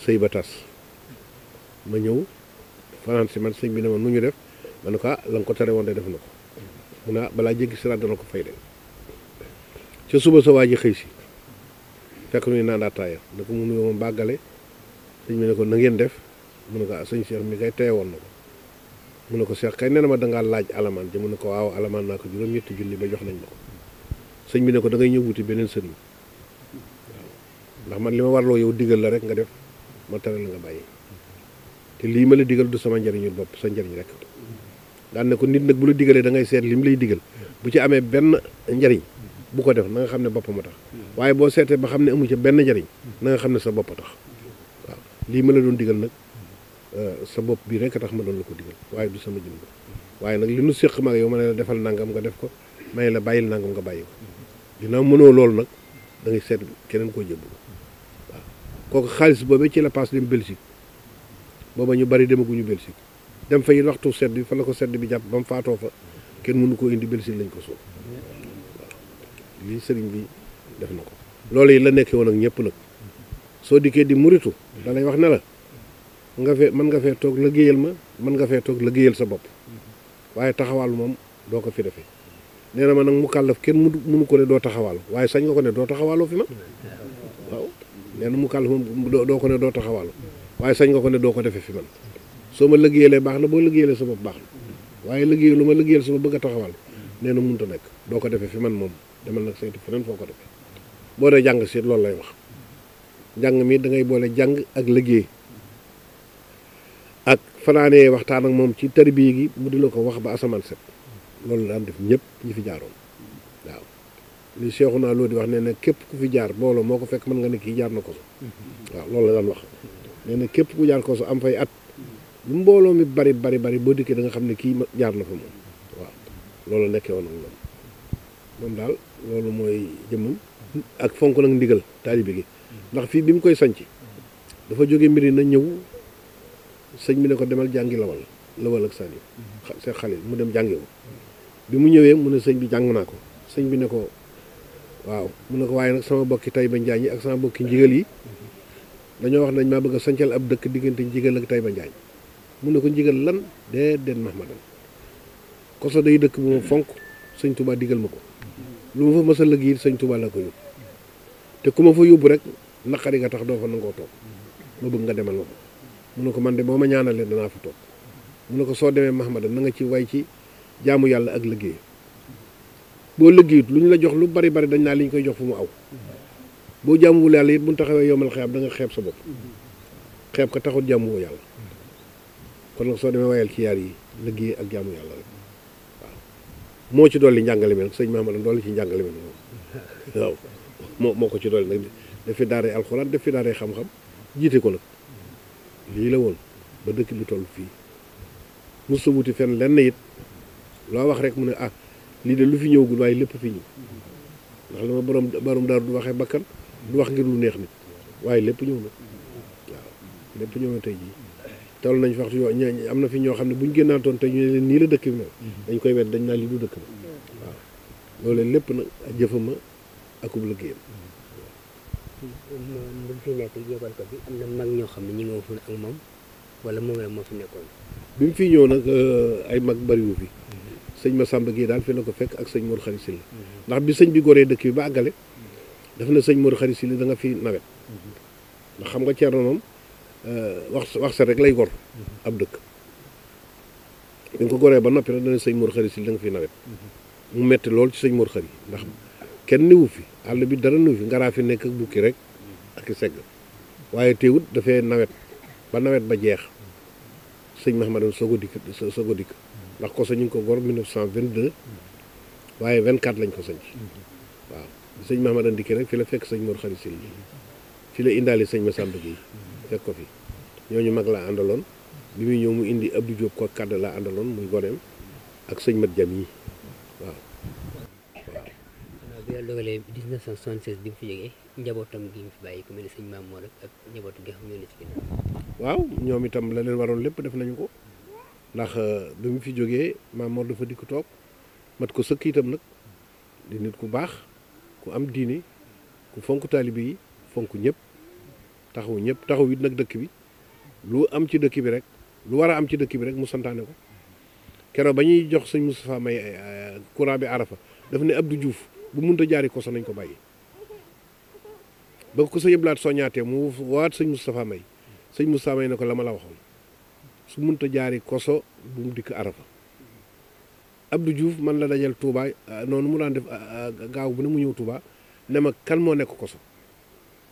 sëy ba tas ma ñëw fanaan si man sëñ bi ne ma nu ñu def ma ne ko ah la ko tere woon de def na ko mu ne ah, balaa jéggi siraat dana ko fay ca suba sa waa ji si fekk nuy naan daa taaya ko mu bàggale sëñ bi ne na ngeen def mu ne ko ah mi kay teye woon na ko mu ne ko Cheikh kay nee na ma dangaa laaj alamaan ji ko waaw alamaan naa ko juróom-ñetti junni ba jox nañ ma ko sëñ bi ne ko dangay ñëw wuti beneen sëriñ ndax man li ma warloo yow digal la rek nga def ma tere la nga bàyyi te lii ma la digal du sama njëriñu bopp sa njëriñ rek daan na ko nit nag bu la digalee da ngay seet li mu lay digal bu ci amee benn njëriñ bu ko def na nga xam ne boppam tax waaye boo seetee ba xam ne amu ci benn njëriñ na xam ne sa bopp a tax waaw lii ma la doon digal nag euh, sa bopp bii rek a tax ma doon la ko digal waaye du sama jëm waaye nag li nu séq ma yow ma ne la defal nangam nga def ko may la bàyyil nangam nga bàyyi ko dina mënoo loolu nag da ngay seet keneen koo jëbb kooku xaalis boobu ci la paas dem Belgique booba ñu bari demaguñu Belgique dem fa it waxtu sedd bi fa la ko sedd bi jàpp ba mu faatoo fa kenn mënu koo indi Belgique lañ ko suuf waaw bi def na ko loolu yi la nekkee woon ñëpp nag soo dikkee di muritu da lay wax ne la nga fee mën nga fee toog la liggéeyal ma mën nga fee toog liggéeyal sa bopp waaye taxawaal moom doo ko fi defee nee na ma nag mu kàllaf kenn mënu ko ne doo taxawaal waaye sañ nga ko ne doo taxawaaloo fi ma nee na mu kàll doo ko ne doo taxawal waaye sañ nga ko ne doo ko defee fi man soo ma liggéeyalee baax na boo liggéeyalee sa bopp baax na waaye liggéey lu ma liggéeyal sama bëgg a taxawal nee na mënut a nekk doo ko defee fi man moom demal nag saytu feneen foo ko defee boo dee jàng si loolu lay wax jàng mi da ngay boole jàng ak liggéey ak fanaanee waxtaan ak moom ci tarbiya gi mu di la ko wax ba asamaan set loolu daan def ñëpp ñi fi jaaroon. li naa Lo di wax nee na képp ku fi jaar mbooloo moo ko fekk mën nga ne kii jaar na waaw loolu la daan wax nee na képp ku jaar koso am fay at lu mbooloo mi bari bari bari boo dikkee da xam ne kii jaar na fa moom waaw loolu nekkee woon daal loolu mooy jëmmam ak fonk nag ndigal taalibe gi ndax fii bi mu koy sanc dafa jóge mbiri na ñëw sëñ bi ne ko demal jàngi lawal lawal ak mu dem jàngiwu mu ñëwee mu ne sëñ bi jàng naa ko sëñ bi ne ko waaw mun na ko waaye nag sama bokki Taïba Njaañ yi ak sama bokki njigal yi dañoo wax nañ maa bëgg a ab dëkk diggante njigal ak ba Njaañ mun na ko njigal lan dee den mahmadan koso day dëkk bu ma fonk sëñ Touba digal ma ko lu ma fa mës a lëg yi sëñ la ko yóbbu te ku ma fa yóbbu rek naqari nga tax doo fa nangoo toog ma bëgg nga demal ma mun na ko man de boo ma ñaanalee danaa fa toog mun na ko soo demee mahmadan na nga ci way ci jaamu yàlla ak liggéey boo liggéeyut lu ñu la jox lu bari bari dañ naa li ñu koy jox fu mu aw boo jàmmuwul yàlla it bu ñu taxawee yomal xeeb da nga xeeb sa bopp xeeb ka taxut jàmmuwoo yàlla kon nag soo demee wayal ci yar yi liggéey ak jàmmu yàlla rek moo ci dolli njàngale mi nag sëñ Mamadou dolli ci njàngale mi moom moo ko ci dolli nag daf fi daaree alxuraan daf fi daaree xam-xam jiite ko nag lii la woon ba dëkk bi toll fii mos sa wuti fenn lenn it loo wax rek mu ne ah. lii de lu fi ñëw ñëwagul waaye lépp fi ñëw ndax la ma borom borom daaru du waxee bakkan du wax ngir lu neex nit waaye lépp ñëw na waaw lépp ñëw na tey jii toll nañ waxtu yoo am na fi ñoo xam ne bu ñu génnaatoon tey ñu ne nii la dëkk bi mel dañ koy wet dëkk bi lépp nag jëfama akub fi nekk yóbbal bi am na ñoo xam ne ñi ak moom wala moom la moo fi nekkoon bi mu fi ñëw nag euh, ay mag bariwu fi sëñ Massamba Gueye daal fi la ko fekk ak sëñ Mor Khary Sylla ndax bi sëñ bi goree dëkk bi ba àggale daf na sëñ Mor Khary Sylla danga fi nawet xam nga Thierno moom euh, wax wax sa rek lay gor ab dëkk bi ko goree ba noppi rek sëñ Mor Khary Sylla da nga fi nawet mu metti lool ci sëñ Mor Khary ndax kenn niwu fi àll bi dara niwu fi ngaraa fi nekk ak bukki rek ak i segg waaye teewut dafay nawet ba nawet ba jeex sëñ ma soog a dikk soog a dikk ndax koso ñu ngi ko gor 1922 waaye 24 lañ ko sanc waaw sëñ Mahamad Ndike rek fi la fekk sëñ Mor Xari Sil fi la indaale sëñ Massamba Gueye fekk ko fi ñoo ñu mag la àndaloon bi muy ñëw mu indi Abdou Diop ko kàdd la àndaloon muy goneem ak sëñ Mat Jam yi waaw bi yàlla dogalee 1976 bi mu fi njabootam gi mu fi bàyyi ku mel ne sëñ Maam Mor xam ne waaw ñoom itam la leen waroon lépp def nañu ko ndax euh, bi mu fi jógee maam Mor dafa dikk toog mat ko sëkk itam nag di nit ku baax ku am diini ku fonk taalibe yi fonk ñëpp taxaw ñëpp taxaw it nag dëkk bi lu am ci dëkk bi rek lu war a am ci dëkk bi rek mu santaane ko keroog ba ñuy jox sëñ Moustapha May euh, courant bi arafa dafa ne Abdou juuf bu munta jaari koso nañ ko bàyyi ba ko sëñ Ablaat soññaatee mu waat sëñ Moustapha May sëñ Moustapha May ne ko la ma la waxoon su munta jaari koso bu mu dikk arafa Abdou Diouf man la dajal tuubaa euh, noonu mu daan def euh, euh, gaaw bu ne mu ñëw Touba ne ma kan moo nekk koso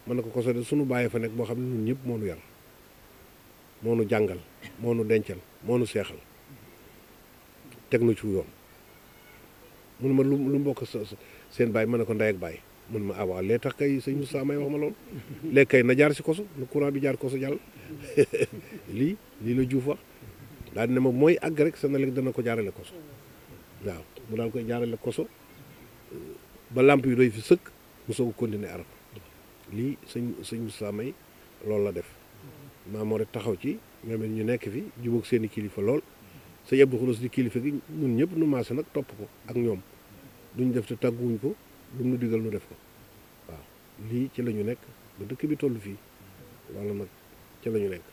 man na ko koso de sunu bàyyi fa nekk boo xam ne ñun ñëpp moo nu yar moo nu jàngal moo nu dencal moo nu seexal teg nu ci yoon mun ma lu lu mbokk seen bàyyi mën na ko ndey bàyyi mun ma awaa ah lee tax kay sëñ Moussa may wax ma lool léegi kay na jaar si koso nu courant bi jaar koso jàll lii lii la Diouf wax daal ne ma mooy àgg rek Senelec dana ko jaarale koso waaw mu daal koy jaarale koso ba làmp yi doy fi sëkk mu soog a continuer arab lii sëñ sëñ Moussa May loolu la def maamoo rek taxaw ci même ñu nekk fi jubóog seeni kilifa lool sëñ Abdou Khoudoss di kilifa gi ñun ñëpp nu maase nag topp ko ak ñoom duñ def si tàgguwuñ ko lu mu digal nu def ko waaw lii ci lañu nekk ba dëkk bi toll fii loolu nag. ci la ñu nekk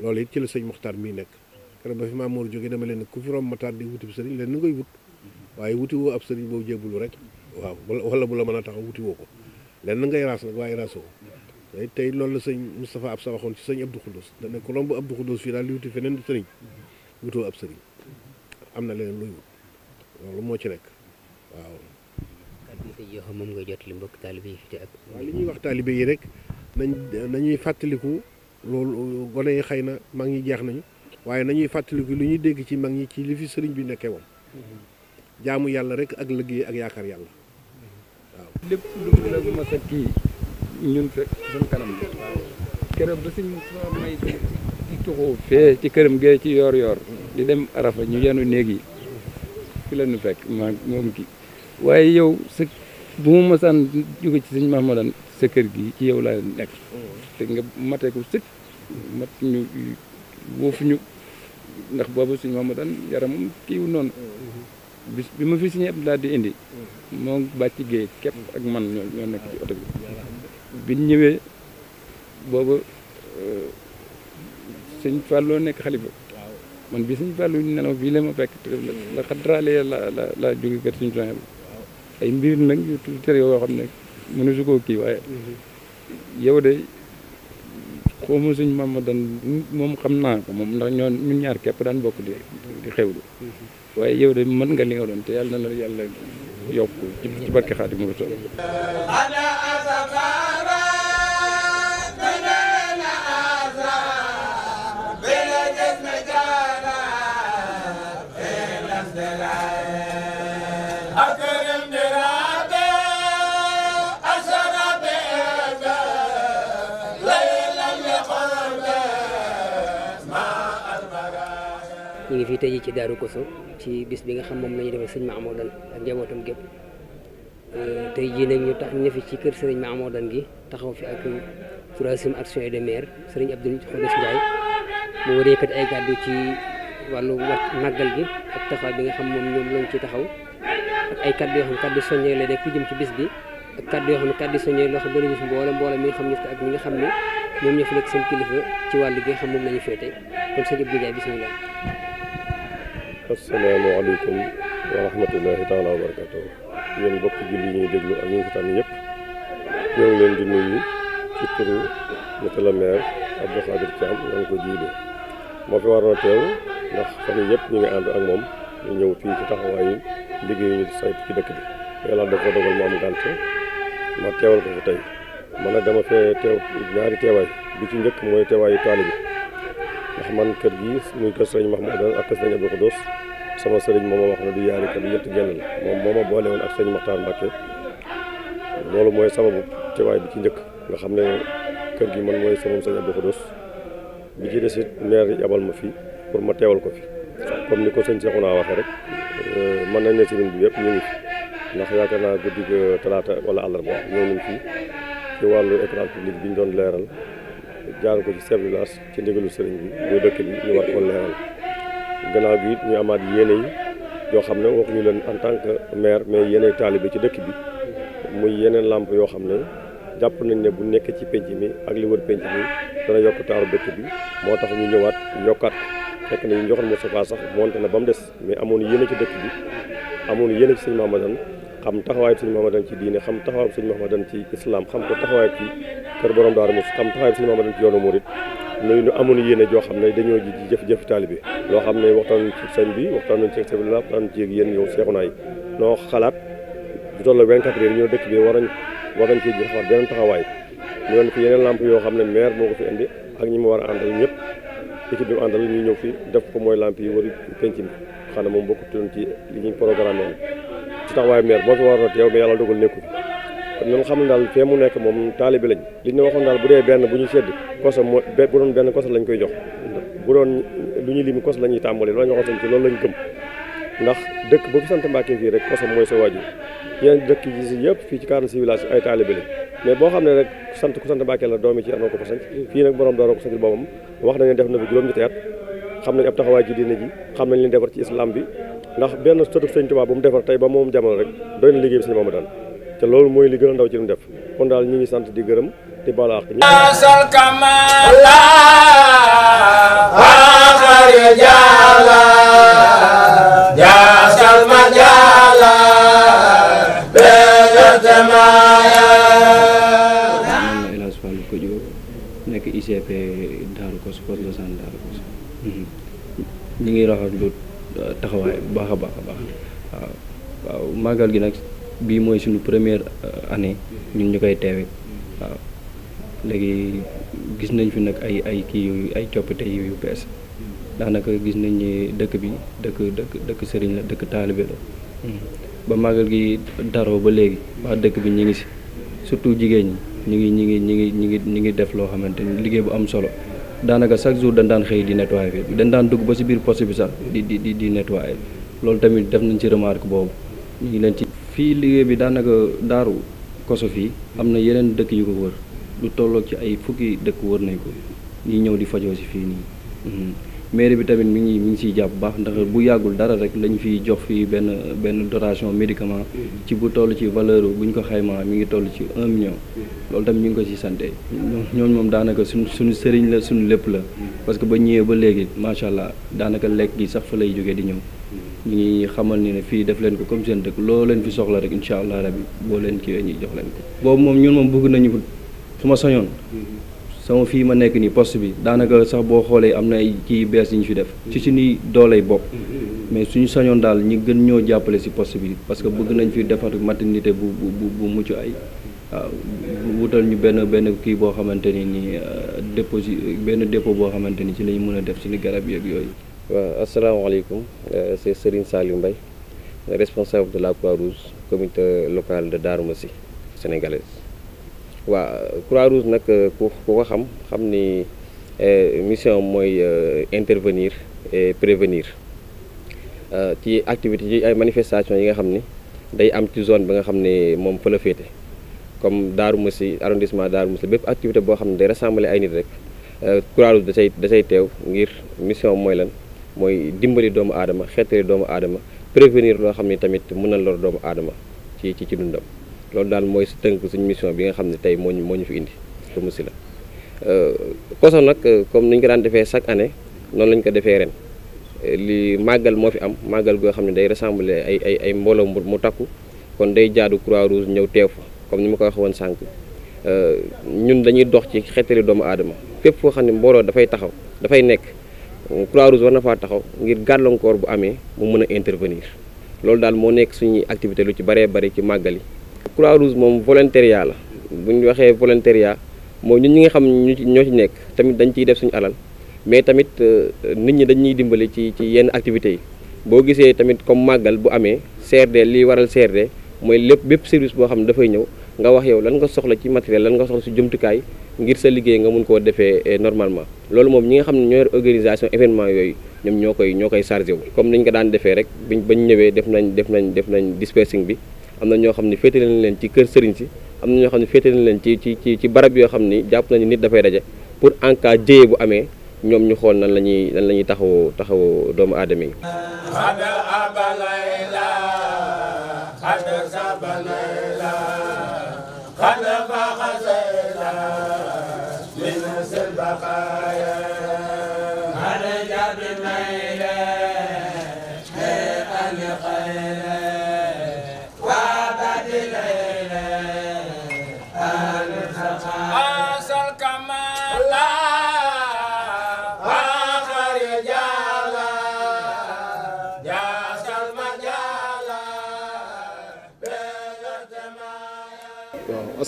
loolu it ci la sëñ Moxtaar mii nekk keroog ba fi Maamoor jógee dama leen ku fi romb Matar di wuti sëriñ leen ni ngay wut waaye wuti woo ab sëriñ boobu jébbalu rek waaw wala bu la mën a taxaw wuti woo ko leen na ngay raas nag waaye raasoo tey tey loolu la sëñ Moustapha Absa waxoon ci sëñ Abdou Khoudous da ne ku romb Abdou Khoudous fii daal di wuti feneen sëriñ wutoo ab sëriñ am na leneen luy wut loolu moo ci nekk waaw. moom nga jot li mbokk taalibe li ñuy wax taalibe yi rek nañ nañuy loolu gone yi xëy na mag ñi jeex nañu waaye nañuy fàttaliku lu ñuy dégg ci mag ñi ci li fi sëriñ bi nekkee woon jaamu yàlla rek ak liggéey ak yaakaar yàlla waaw. lépp lu la mos a kii ñun fekk suñu kanam keroog ba ci këram gee ci yoor-yoor di dem arafa ñu yenu néeg yi fi la fekk moom kii waaye yow sa bu mu mosaan jóge ci sëñ Mahamadan sa kër gi ci yow laa nekk mm. te nga matee ko sëkk mat ñu woofuñu ndax boobu sëñ Mahamadan yaramam kiiw noonu mm-hmm. bis bi ma fi sëñ Abdoulaye di indi mm-hmm. moo bàcc géey képp ak man ñoo ñoo nekk ci oto bi biñ ñëwee boobu euh, sëñ Fallou nekk xalifa man bi sëñ ñu nelaw bii la ma fekk la la la laa jóge kër sëñ Souhaïbou ay mbir nag yu tere yoo xam ne mënu su koo kii waaye yow de ma suñ maam ma moom xam naa ko moom ndax ñoo ñun ñaar képp daan bokk di di xewlu waaye yow de mën nga li doon te yàlla na la yàlla yokk ci barke Xaadimu Rasuul ngi fii tey ci Daaru Koso ci bis bi nga xam moom la ñuy defal sëñ Mahmoudan ak njabootam gépp euh, tey jii nag ñu tax ñu fi ci kër amoo Mahmoudan gi taxaw fi ak troisième action de maire sëriñ Abdou Khoudoss Ndiaye mu war a yëkkati ay kàddu ci wàllu bi gi ak taxawaay bi nga xam moom ñoom lañ ci taxaw ak ay kàddu yoo xam kàddu soññee la rek ci bis bi ak kàddu yoo xam ne kàddu soññee loo xam dana gis mboolem mboolem mi nga xam ne ak nga xam ne ñoom ñoo fi nekk seen kilifa ci wàllu gi nga xam moom la ñu féete kon sëñ bi Ndiaye bisimilah asalaamaaleykum wa rahmatullahi taala wa barakatuh yéen bokk julli ñuy déglu ak ñu ngi fi tam yëpp ñoo ngi leen di nuyu ci ko jiite moo fi waroon a teew ndax fan yëpp ñu ngi ànd ak moom ñu ñëw fii ci taxawaayu liggéey ñu ci dëkk bi yàlla dafa dogal ma am gànte ma teewal ko fi tey man nag dama fee teew ñaari teewaay bi ci njëkk mooy teewaayu bi ndax man kër gi muy kër sëriñ Mahmoudane ak kër sëriñ Abdou sama sëriñ moom wax na du yaari kër yëpp génn la moom moo ma boole woon ak sëriñ Makhtar Mbacke loolu mooy sababu teewaay bi ci njëkk nga xam ne kër gi man mooy sama sëriñ Abdou Khoudoss bi ci des it maire yi abal ma fi pour ma teewal ko fi comme ni ko sëñ naa waxee rek euh, mën nañ ne sëriñ bi yëpp mu ngi fi ndax yaakaar naa guddi talaata wala àllarba ñëw nañ fi ci wàllu éclairage public bi ñu doon leeral. jaar ko ci chef de village ci ndigalu sëriñ bi muy dëkk bi ñu war ko leeral gannaaw bi it ñu amaat yéene yi yoo xam ne waxuñu leen en tant que maire mais yéenay taalibe ci dëkk bi muy yeneen làmp yoo xam ne jàpp nañ ne bu nekk ci penc mi ak li wër penc mi dana yokk taaru dëkk bi moo tax ñu ñëwaat yokkaat fekk na ñu joxoon Moustapha sax monte na ba mu des mais amoon yéene ci dëkk bi amoon yéene ci sëñ xam taxawaayub sëñ Mahamadan ci diine xam taxawaayub sëñ Mahamadan ci islam xam ko taxawaayub ci kër borom Daaru Muxti xam taxawaayub sëñ Mahamadan ci yoonu murit nuy nu amoon yéene joo xam ne dañoo ji ci jëf-jëf taalibe loo xam ne waxtaan ci sëñ bi waxtaan ci sëñ waxtaan ci yéen noo xalaat du toll 24 heures ñoo dëkk bi war nañ war nañ ci ji xawaat beneen taxawaay ñu leen fi yeneen lamp yoo xam ne maire moo ko fi indi ak ñi ma war a àndal ñëpp équipe bi mu àndal ñu ñëw fi def ko mooy lamp yi wari penc mi xanaa moom bokkutoon ci li ñuy programme ci taxawaayu meer boo fi waroon yow mi yàlla dogal nekkul kon xam ne daal fee mu nekk moom taalibe lañ li ñu waxoon daal bu dee benn bu ñu sedd kosa moo bu doon benn kosa lañ koy jox bu doon lu ñu lim kosa la ñuy tàmbali loolu ñu waxoon ci loolu lañ gëm ndax dëkk boo fi sant Mbàkke fii rek kosa mooy sa waaju yeneen dëkk yi si yëpp fii ci 46 villages ay taalibe lañ mais boo xam ne rek sant ku sant Mbàkke la doomi ci anoo ko fa sant fii nag borom dooroo ko santil boobam wax nañ ne def na fi juróom-ñetti at xam nañ ab taxawaay bi ndax benn sotub sëñ Tuubaa bu mu defar tey ba moom jamono rek doy na liggéey bi sëñ Mamadaan te loolu mooy li gën a ndaw ci li def kon daal ñu ngi sant di gërëm di bala àq ñu ngi rafetlu taxawaay bu baax a baax baax waaw waaw gi nag bii mooy suñu première euh, année ñun ñu koy teewe waaw léegi gis nañ fi nag ay ay kii yu ay coppite yu bees daanaka gis nañ ni dëkk bi dëkk dëkk dëkk sëriñ la dëkk taalibe la hmm. ba màggal gi daro ba léegi waa dëkk bi ñu ngi si surtout jigéen ñi ñu ngi ñu ngi ñu ngi ñu ngi ñu ngi def loo xamante ni liggéey bu am solo daanaka chaque jour dañ daan xëy di nettoyer bi dañ daan dugg ba si biir poste bi sax di di di di loolu tamit def nañ ci remarque boobu ñu ngi leen ci. fii liggéey bi daanaka daaru koso fii am na yeneen dëkk yu ko wër lu tolloog ci ay fukki dëkk wër nañ ko ñi ñëw di fajoo fii nii. Mhm. mairie bi tamit mu ngi mu ngi siy jàpp baax ndax bu yàggul dara rek lañu fiy jox fii benn benn dotation médicament mm-hmm. ci bu toll ci valeur bu ñu ko xaymaa mi ngi toll ci un million mm-hmm. loolu tamit ñu ngi ko si sante ñooñ moom daanaka suñ suñu sëriñ la suñu lépp la mm-hmm. parce que ba ñëwee ba léegi macha allah daanaka lekk gi sax fa lay jógee di ñëw ñu ngi xamal ni ne fii def leen ko comme seen dëkk loo leen fi soxla rek incha allah rabi boo leen ki kiiwee ñuy jox leen ko boobu moom ñun moom bëgg nañu su ma soñoon sama fii ma nekk nii post bi daanaka sax boo xoolee am na kii bees yi ñu fi def ci suñuy doolee bopp mais suñu sañoon daal ñi gën ñoo jàppale si post bi parce que bëgg nañ fi defar maternité bu bu bu mucc ay wutal ñu benn benn kii boo xamante ni nii euh, dépôt benn dépôt boo xamante ni ci lañu mën a def suñu garab yeeg yooyu waaw asalaamaaleykum euh, c'est Serigne Saliou mbay responsable de la Croix-Rouge locale de Darou Moussi sénégalaise waaw Croix-Rouge nag euh, ku ko xam xam ni euh, mission mooy euh, intervenir et prévenir ci activité ci ay manifestation yi nga xam ni day am ci zone bi nga xam ne moom fa la féete comme Darou Moussi arrondissement Darou Moussi bépp activité boo xam ne day rassembler ay nit rek Croix-Rouge da say da say teew ngir mission mooy lan mooy dimbali doomu aadama xeetali doomu aadama prévenir loo xam ni tamit mën na lor doomu aadama ci ci ci dundam. loolu daal mooy su tënk suñ mission bi nga xam ne tey moo ñu moo ñu fi indi pour mu si la euh, koso nag euh, comme ni ñu ko daan defee chaque année noonu lañu ko defee ren euh, li màggal moo fi am màggal goo xam ne day rassembler ay ay ay mbooloo mu takku kon day jaadu croix rouge ñëw teew fa comme ni ma ko waxee woon sànq ñun dañuy dox ci xeetali doomu aadama fépp foo xam ne mbooloo dafay taxaw dafay nekk croix rouge war na faa taxaw ngir gàllankoor bu amee mu mën a intervenir loolu daal moo nekk suñuy activité lu ci baree bari ci màggal yi Croix-Rouge moom volontariat la bu ñu waxee volontariat mooy ñun ñi nga xam ñoo ci nekk tamit dañ ciy def suñu alal mais tamit euh, nit ñi dañuy dimbali ci ci yenn activités yi boo gisee tamit comme màggal bu amee CRD li waral CRD mooy lépp bépp service boo xam ne dafay ñëw nga wax yow lan nga soxla ci matériel lan nga soxla ci jumtukaay ngir sa liggéey nga mun koo defee eh, normalement loolu moom ñi nga xam ne ñoo organisation événement yooyu ñoom ñoo koy ñoo koy chargé wu comme niñ ko daan defee rek biñ bañ ñëwee def nañ def nañ def nañ dispersing bi am na ñoo xam ne féete nañ leen ci kër sëriñ si am na ñoo xam ne féete nañ leen ci ci ci barab yoo xam ne jàpp nañu nit dafay daje pour en cas jéye bu amee ñoom ñu xool na la ñuy nan la ñuy taxaw taxaw doomu aadama yi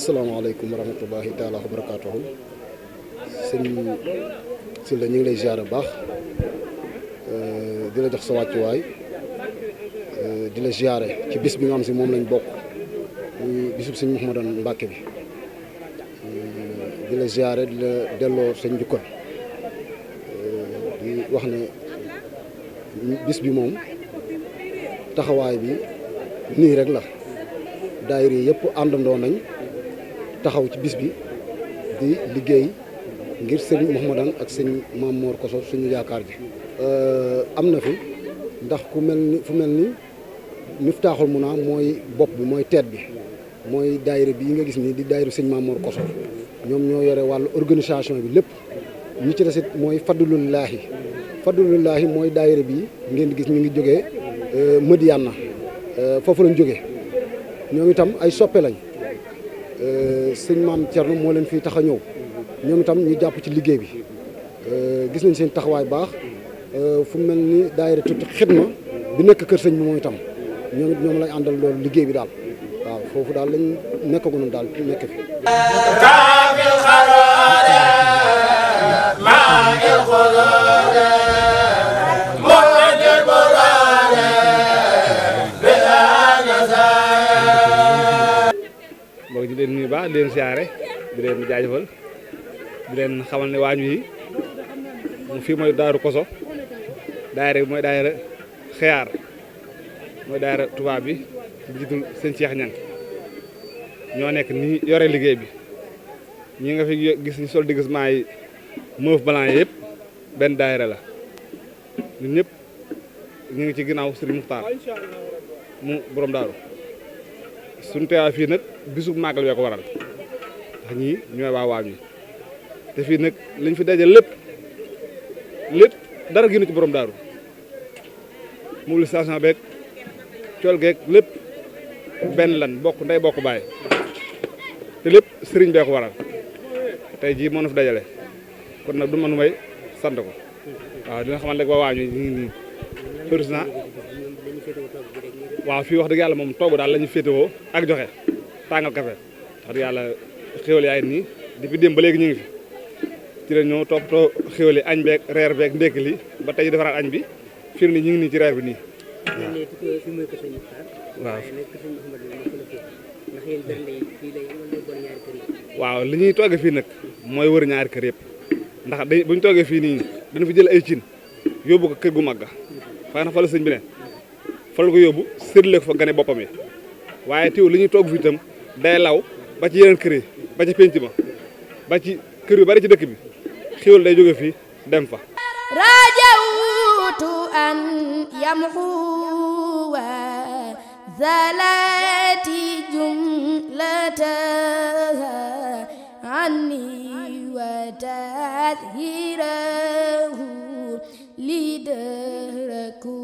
asalaamaaleykum wa rahmatullahi taala wa barakaatuhu sëñ si la ñu ngi lay ziar bu baax di la jox sa wàccuwaay di la ziare ci bis bi nga xam si moom lañ bokk muy bisu sëñ Mouhamadou Mbacke bi di la ziare di la delloo sëñ njukkal di wax ne bis bi moom taxawaay bi nii rek la daayira yëpp àndandoo nañ taxaw ci bis bi di liggéey ngir sëriñ Mouhamadane ak seen Maam Mor Koso suñu yaakaar ji euh, am na fi ndax ku mel ni fu mel ni Miftaaxul Muna mooy bopp bi mooy teet bi mooy daayira bi nga gis nii di daayiru sëriñ Maam Mor Koso ñoom ñoo yore wàllu organisation bi lépp ñi ci desit mooy fadlullaahi fadlullaahi mooy daayira bi ngeen gis ñu ngi jógee euh, Madiyaana euh, foofu lañ jóge ñoom itam ay soppe lañ Euh, sëñ maam Thierno moo leen fii tax a ñëw ñoom itam ñu jàpp ci liggéey bi euh, gis nañ seen taxawaay baax euh, fu mel ni daayira tuuti xidma bi nekk kër sëñ bi moom itam ñoom it ñoom lañ àndal loolu liggéey bi daal waaw foofu daal lañ nekkaguñu daal nekk fi leen siyaare di leen jaajëfal di leen xamal ne waañ wi fii mooy daaru koso daayira bi mooy daayira xeyaar mooy daayira tubaab bi di jiitul sëñ Cheikh ñoo nekk nii yore liggéey bi ñi nga fi gis ñu sol di gis maa yi meuf blanc yëpp benn daayira la ñun ñëpp ñu ngi ci ginnaaw Serigne Muxtaar mu borom daaru suñu teewaay fii nag bisu màggal wee ko waral ndax ñii ñooy waa waañ te fii nag liñ fi daje lépp lépp dara génn ci borom daaru mobilisation beeg cool geeg lépp benn lan bokk ndey bokk baay te lépp sëriñ bee ko waral tey jii moo na fi dajale kon nag du ma nu may sant ko waaw dina xamal rek waa waañ wi ñu ngi nii président waaw fii wax dëgg yàlla moom toogu daal lañu ñu féetewoo ak joxe tàngal kafe wax dëgg xéwal yaa ngi nii depuis démb ba léegi ñu ngi fi ci la ñëw toppatoo xéwal yi añ beeg reer beeg ndékki li ba tey defaraat añ bi fii nii ñu ngi nii ci reer bi nii. waaw li ñuy toogee fii nag mooy wër ñaari kër yëpp ndax dañ bu ñu toogee fii nii dañu fi jël ay cin yóbbu kër gu mag ga fa na fa la ne fa yóbbu séddale ko fa gane waaye teew li ñuy toog fii itam day law ba ci yeneen ba ca pénc kër yu bari ci dëkk bi xéwal day jóge fii dem fa an yamxu wa jumlataha anni wa tadhirahu li dëraku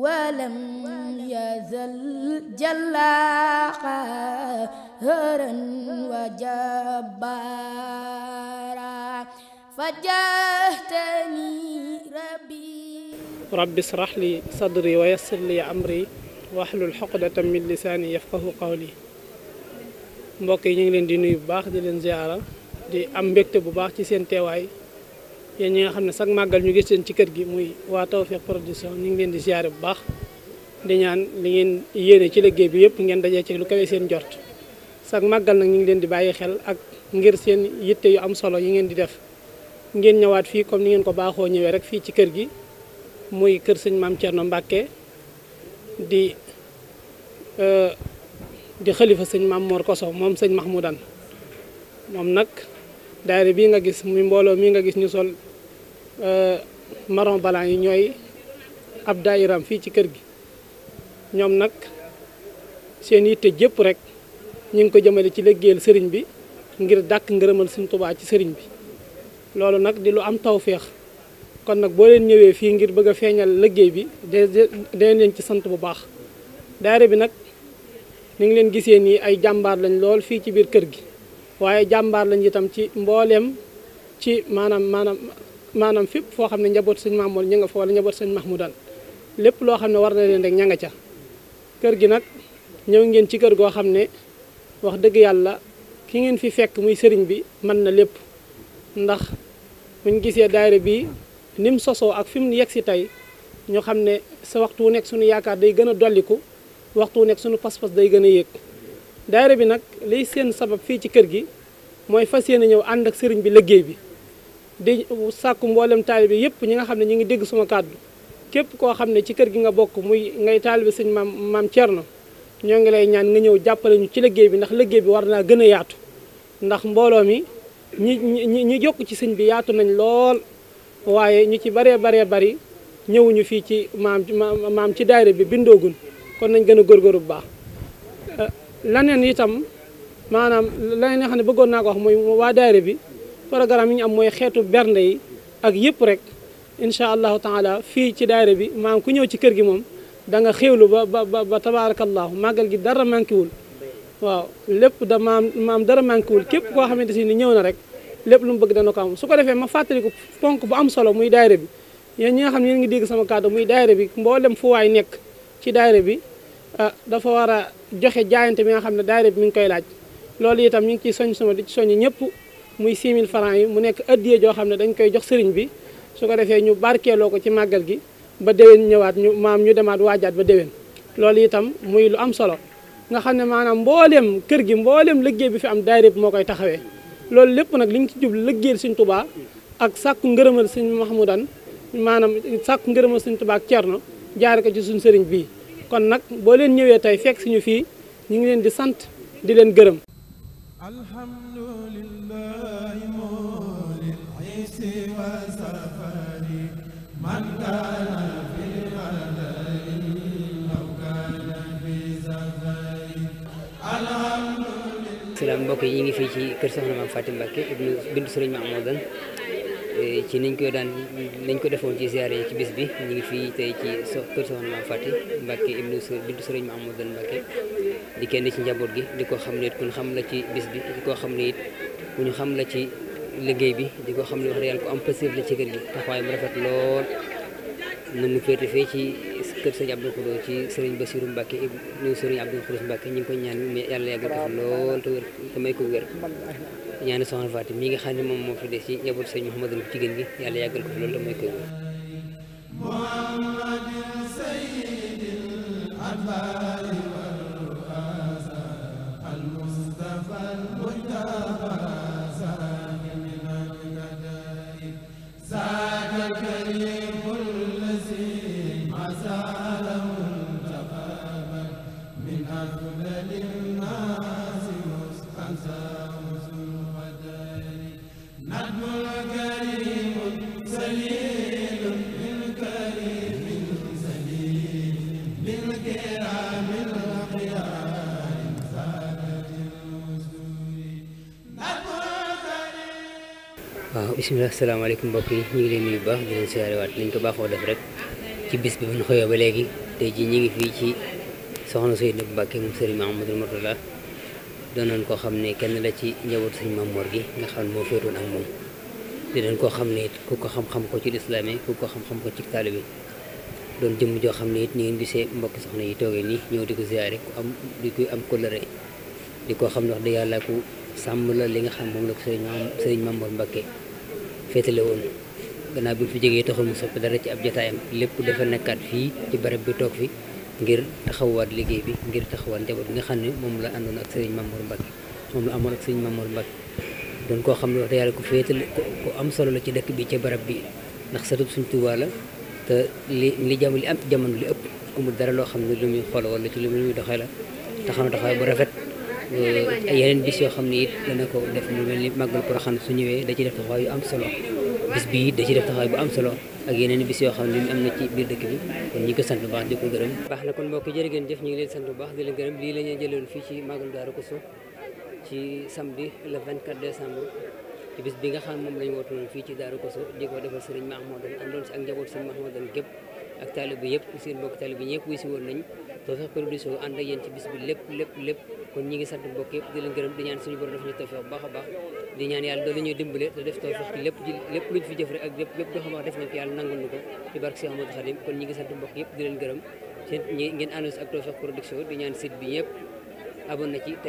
ولم يزل جل قاهرا وجبارا فجاهتني ربي رب اشرح لي صدري ويسر لي أمري واحلل عقدة من لساني يفقه قولي mbokk yi ñu ngi leen di nuyu bu baax di leen ziara di am mbégte bu baax ci seen teewaay yéen ñi nga xam ne sax màggal ñu gis leen ci kër gi muy waa Tawfekh Production ñu ngi leen di siyaare bu baax di ñaan li ngeen yéene ci liggéey bi yëpp ngeen dajee ci lu kawe seen jot sax màggal nag ñu ngi leen di bàyyi xel ak ngir seen yitte yu am solo yi ngeen di def ngeen ñëwaat fii comme ni ngeen ko baaxoo ñëwee rek fii ci kër gi muy kër sëñ maam Thierno Mbacke di euh, di xalifa sëñ maam Mor Koso moom sëñ Mahmoudane moom nag daayira bii nga gis muy mbooloo Euh, marron blanc yi ñooy ab daayiram fii ci kër gi ñoom nag seen yitte jëpp rek ñu ngi ko jëmale ci liggéeyal sëriñ bi ngir dàkk ngërëmal Sëriñ Tuubaa ci sëriñ bi loolu nag di lu am tawféex kon nag boo leen ñëwee fii ngir bëgg a feeñal liggéey bi de deen leen ci sant bu baax daayira bi nag ni ngi leen gisee nii ay jàmbaar lañ lool fii ci biir kër gi waaye jàmbaar lañ itam ci mbooleem ci maanaam maanaam maanaam fépp foo xam ne njaboot sëñ Mamour ña nga fa wala njaboot sëñ Mahmoudane lépp loo xam ne war na leen rek ña nga ca kër gi nag ñëw ngeen ci kër goo xam ne wax dëgg yàlla ki ngeen fi fekk muy sëriñ bi mën na lépp ndax buñ gisee daayira bi nim sosoo ak fi mu yegg si tey ñu xam ne sa waxtu wu nekk suñu yaakaar day gën a dolliku waxtu wu nekk sunu pas-pas day gën a yéeg daayira bi nag liy seen sabab fii ci kër gi mooy fas yéene ñëw ànd ak sëriñ bi liggéey bi di sàkku mboolem taalibe yëpp ñi nga xam ne ñu ngi dégg suma kàddu képp koo xam ne ci kër gi nga bokk muy ngay taalibe sëñ maam maam Thierno ñoo ngi lay ñaan nga ñëw jàppale ñu ci liggéey bi ndax liggéey bi war naa gën a yaatu ndax mbooloo mi ñi ñi ñi jokk ci sëñ bi yaatu nañ lool waaye ñu ci baree baree bari ñëwuñu fii ci maam maam ci daayira bi bindoogun kon nañ gën a góorgóorlu bu baax laneen itam maanaam laneen nga xam ne bëggoon naa ko wax mooy waa daayira bi gara yi ñu am mooy xeetu bernde yi ak yëpp rek incha allahu taala fii ci daayira bi maam ku ñëw ci kër gi moom da nga xéewlu ba ba ba tabaarakallahu màggal gi dara manquéwul waaw lépp da maam maam dara manquéwul képp koo xamante si ni ñëw na rek lépp lu mu bëgg dana ko am su ko defee ma fàttaliku ponk bu am solo muy daayira bi yéen ñi nga xam ne yéen ngi dégg sama kàddu muy daayira bi mboolem fu waay nekk ci daayira bi ah dafa war a joxe jaayante bi nga xam ne daayira bi mu ngi koy laaj loolu itam ñu ngi ciy soñ di ci soñ ñëpp muy 6000 francs yi mu nekk addiye joo xam ne dañ koy jox sëriñ bi su ko defee ñu barkeeloo ko ci màggal gi ba déwén ñëwaat ñu maam ñu demaat waajaat ba deween loolu itam muy lu am solo nga xam ne maanaam mbooleem kër gi mbooleem liggéey bi fi am daayira bi moo koy taxawee loolu lépp nag li ñu ci jublu liggéeyal Sëriñ Tuubaa ak sàkku ngërëmal Sëriñ Mahmoudan maanaam sàkku ngërëmal Sëriñ Tuubaa ak Cerno jaare ko ci suñu sëriñ bi kon nag boo leen ñëwee tey fekk suñu fii ñu ngi leen di sant di leen gërëm salaam mbokk yi ngi fii ci kër soxna maam Fatim Mbacke ibnu bintu sëriñ Mahmoudan e, ci niñ ko daan nañ ko defoon ci ziare ci bis bi ñu ngi fi tey ci kër soxna maam Fatim Mbacke ibnu bintu sëriñ Mahmoudan Mbacke di kenn ci njaboot gi di ko xam ne it xam la ci bis bi di ko xam ne ku ñu xam la ci liggéey bi di ko xam ne wax yàlla ko am passif la ci kër gi taxawaay bu rafet lool nu féete fee ci kër sëñ Abdou Khoudou ci sëriñ Bassirou Mbacke ñu sëriñ Abdou Khoudou ñu ngi ko fi lool te wér te may ko wér ñaani soxna xam ne moom moo fi des ci njaboot sëñ Mouhamadou jigéen gi yàlla yàggal ko fi lool te may wér الكريم bisimilah salaamaaleykum mbokk yi ñu ngi leen nuyu baax di leen siyaare waat nañ ko baaxoo def rek ci bis bi bu ñu ba léegi tey jii ñu ngi fii ci soxna Seydou Mbacke mu sëriñ Mahamadou Mourtala doonoon koo xam ne kenn la ci njabootu sëriñ Mamour gi nga xam ne moo féetoon moom di koo xam ne it ko xam-xam ko ci lislaam ku ko xam-xam ko ci taalibe bi doon jëmm joo xam ne ni ngeen gisee mbokki soxna yi toogee nii ñëw di ko siyaare ku am di koy am kóllëre di koo xam ne wax dëgg yàlla ku sàmm la li xam moom la ko sëriñ Mamour Mbacke féetale woon gannaaw bi mu fi jógee taxul mu soppi dara ci ab jotaayam lépp dafa nekkaat fii ci barab bi toog fi ngir taxawaat liggéey bi ngir taxawaat njaboot bi nga xam ne moom la àndoon ak sëriñ Mamour Mbacke moom la amoon ak sëriñ Mamour Mbacke doon koo xam ne wax dëgg yàlla ku féetale ku am solo la ci dëkk bi ci barab bi ndax satub suñ Tuubaa la te li li jam li am jamono li ëpp amul dara loo xam ne lu muy xool wala ci lu muy doxee la taxaw na ay yeneen bis yoo xam ne it dana ko def mu mel ni màggal Porokhane su ñëwee da def taxawaay am solo bis bii da ci def taxawaay bu am solo ak yeneen bis bi lépp lépp lépp kon ñi ngi sant mbokk yëpp di leen gërëm di ñaan suñu borom def ñu tawfeex bu baax a baax di ñaan yàlla doolu ñuy dimbale te def tawfeex ci lépp lépp luñ fi jëf rek ak lépp lépp loo xam wax def nañ ko yàlla nangul ñu di leen gërëm seen ngeen àndoon ak Tawfekh Production di bi ñëpp abonné ci te a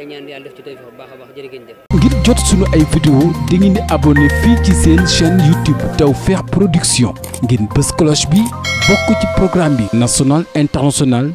baax jërë ngir jot suñu ay vidéo di di abonné fii ci seen chaîne YouTube Tawfekh Production ngeen bës cloche bi bokk ci programme bi national international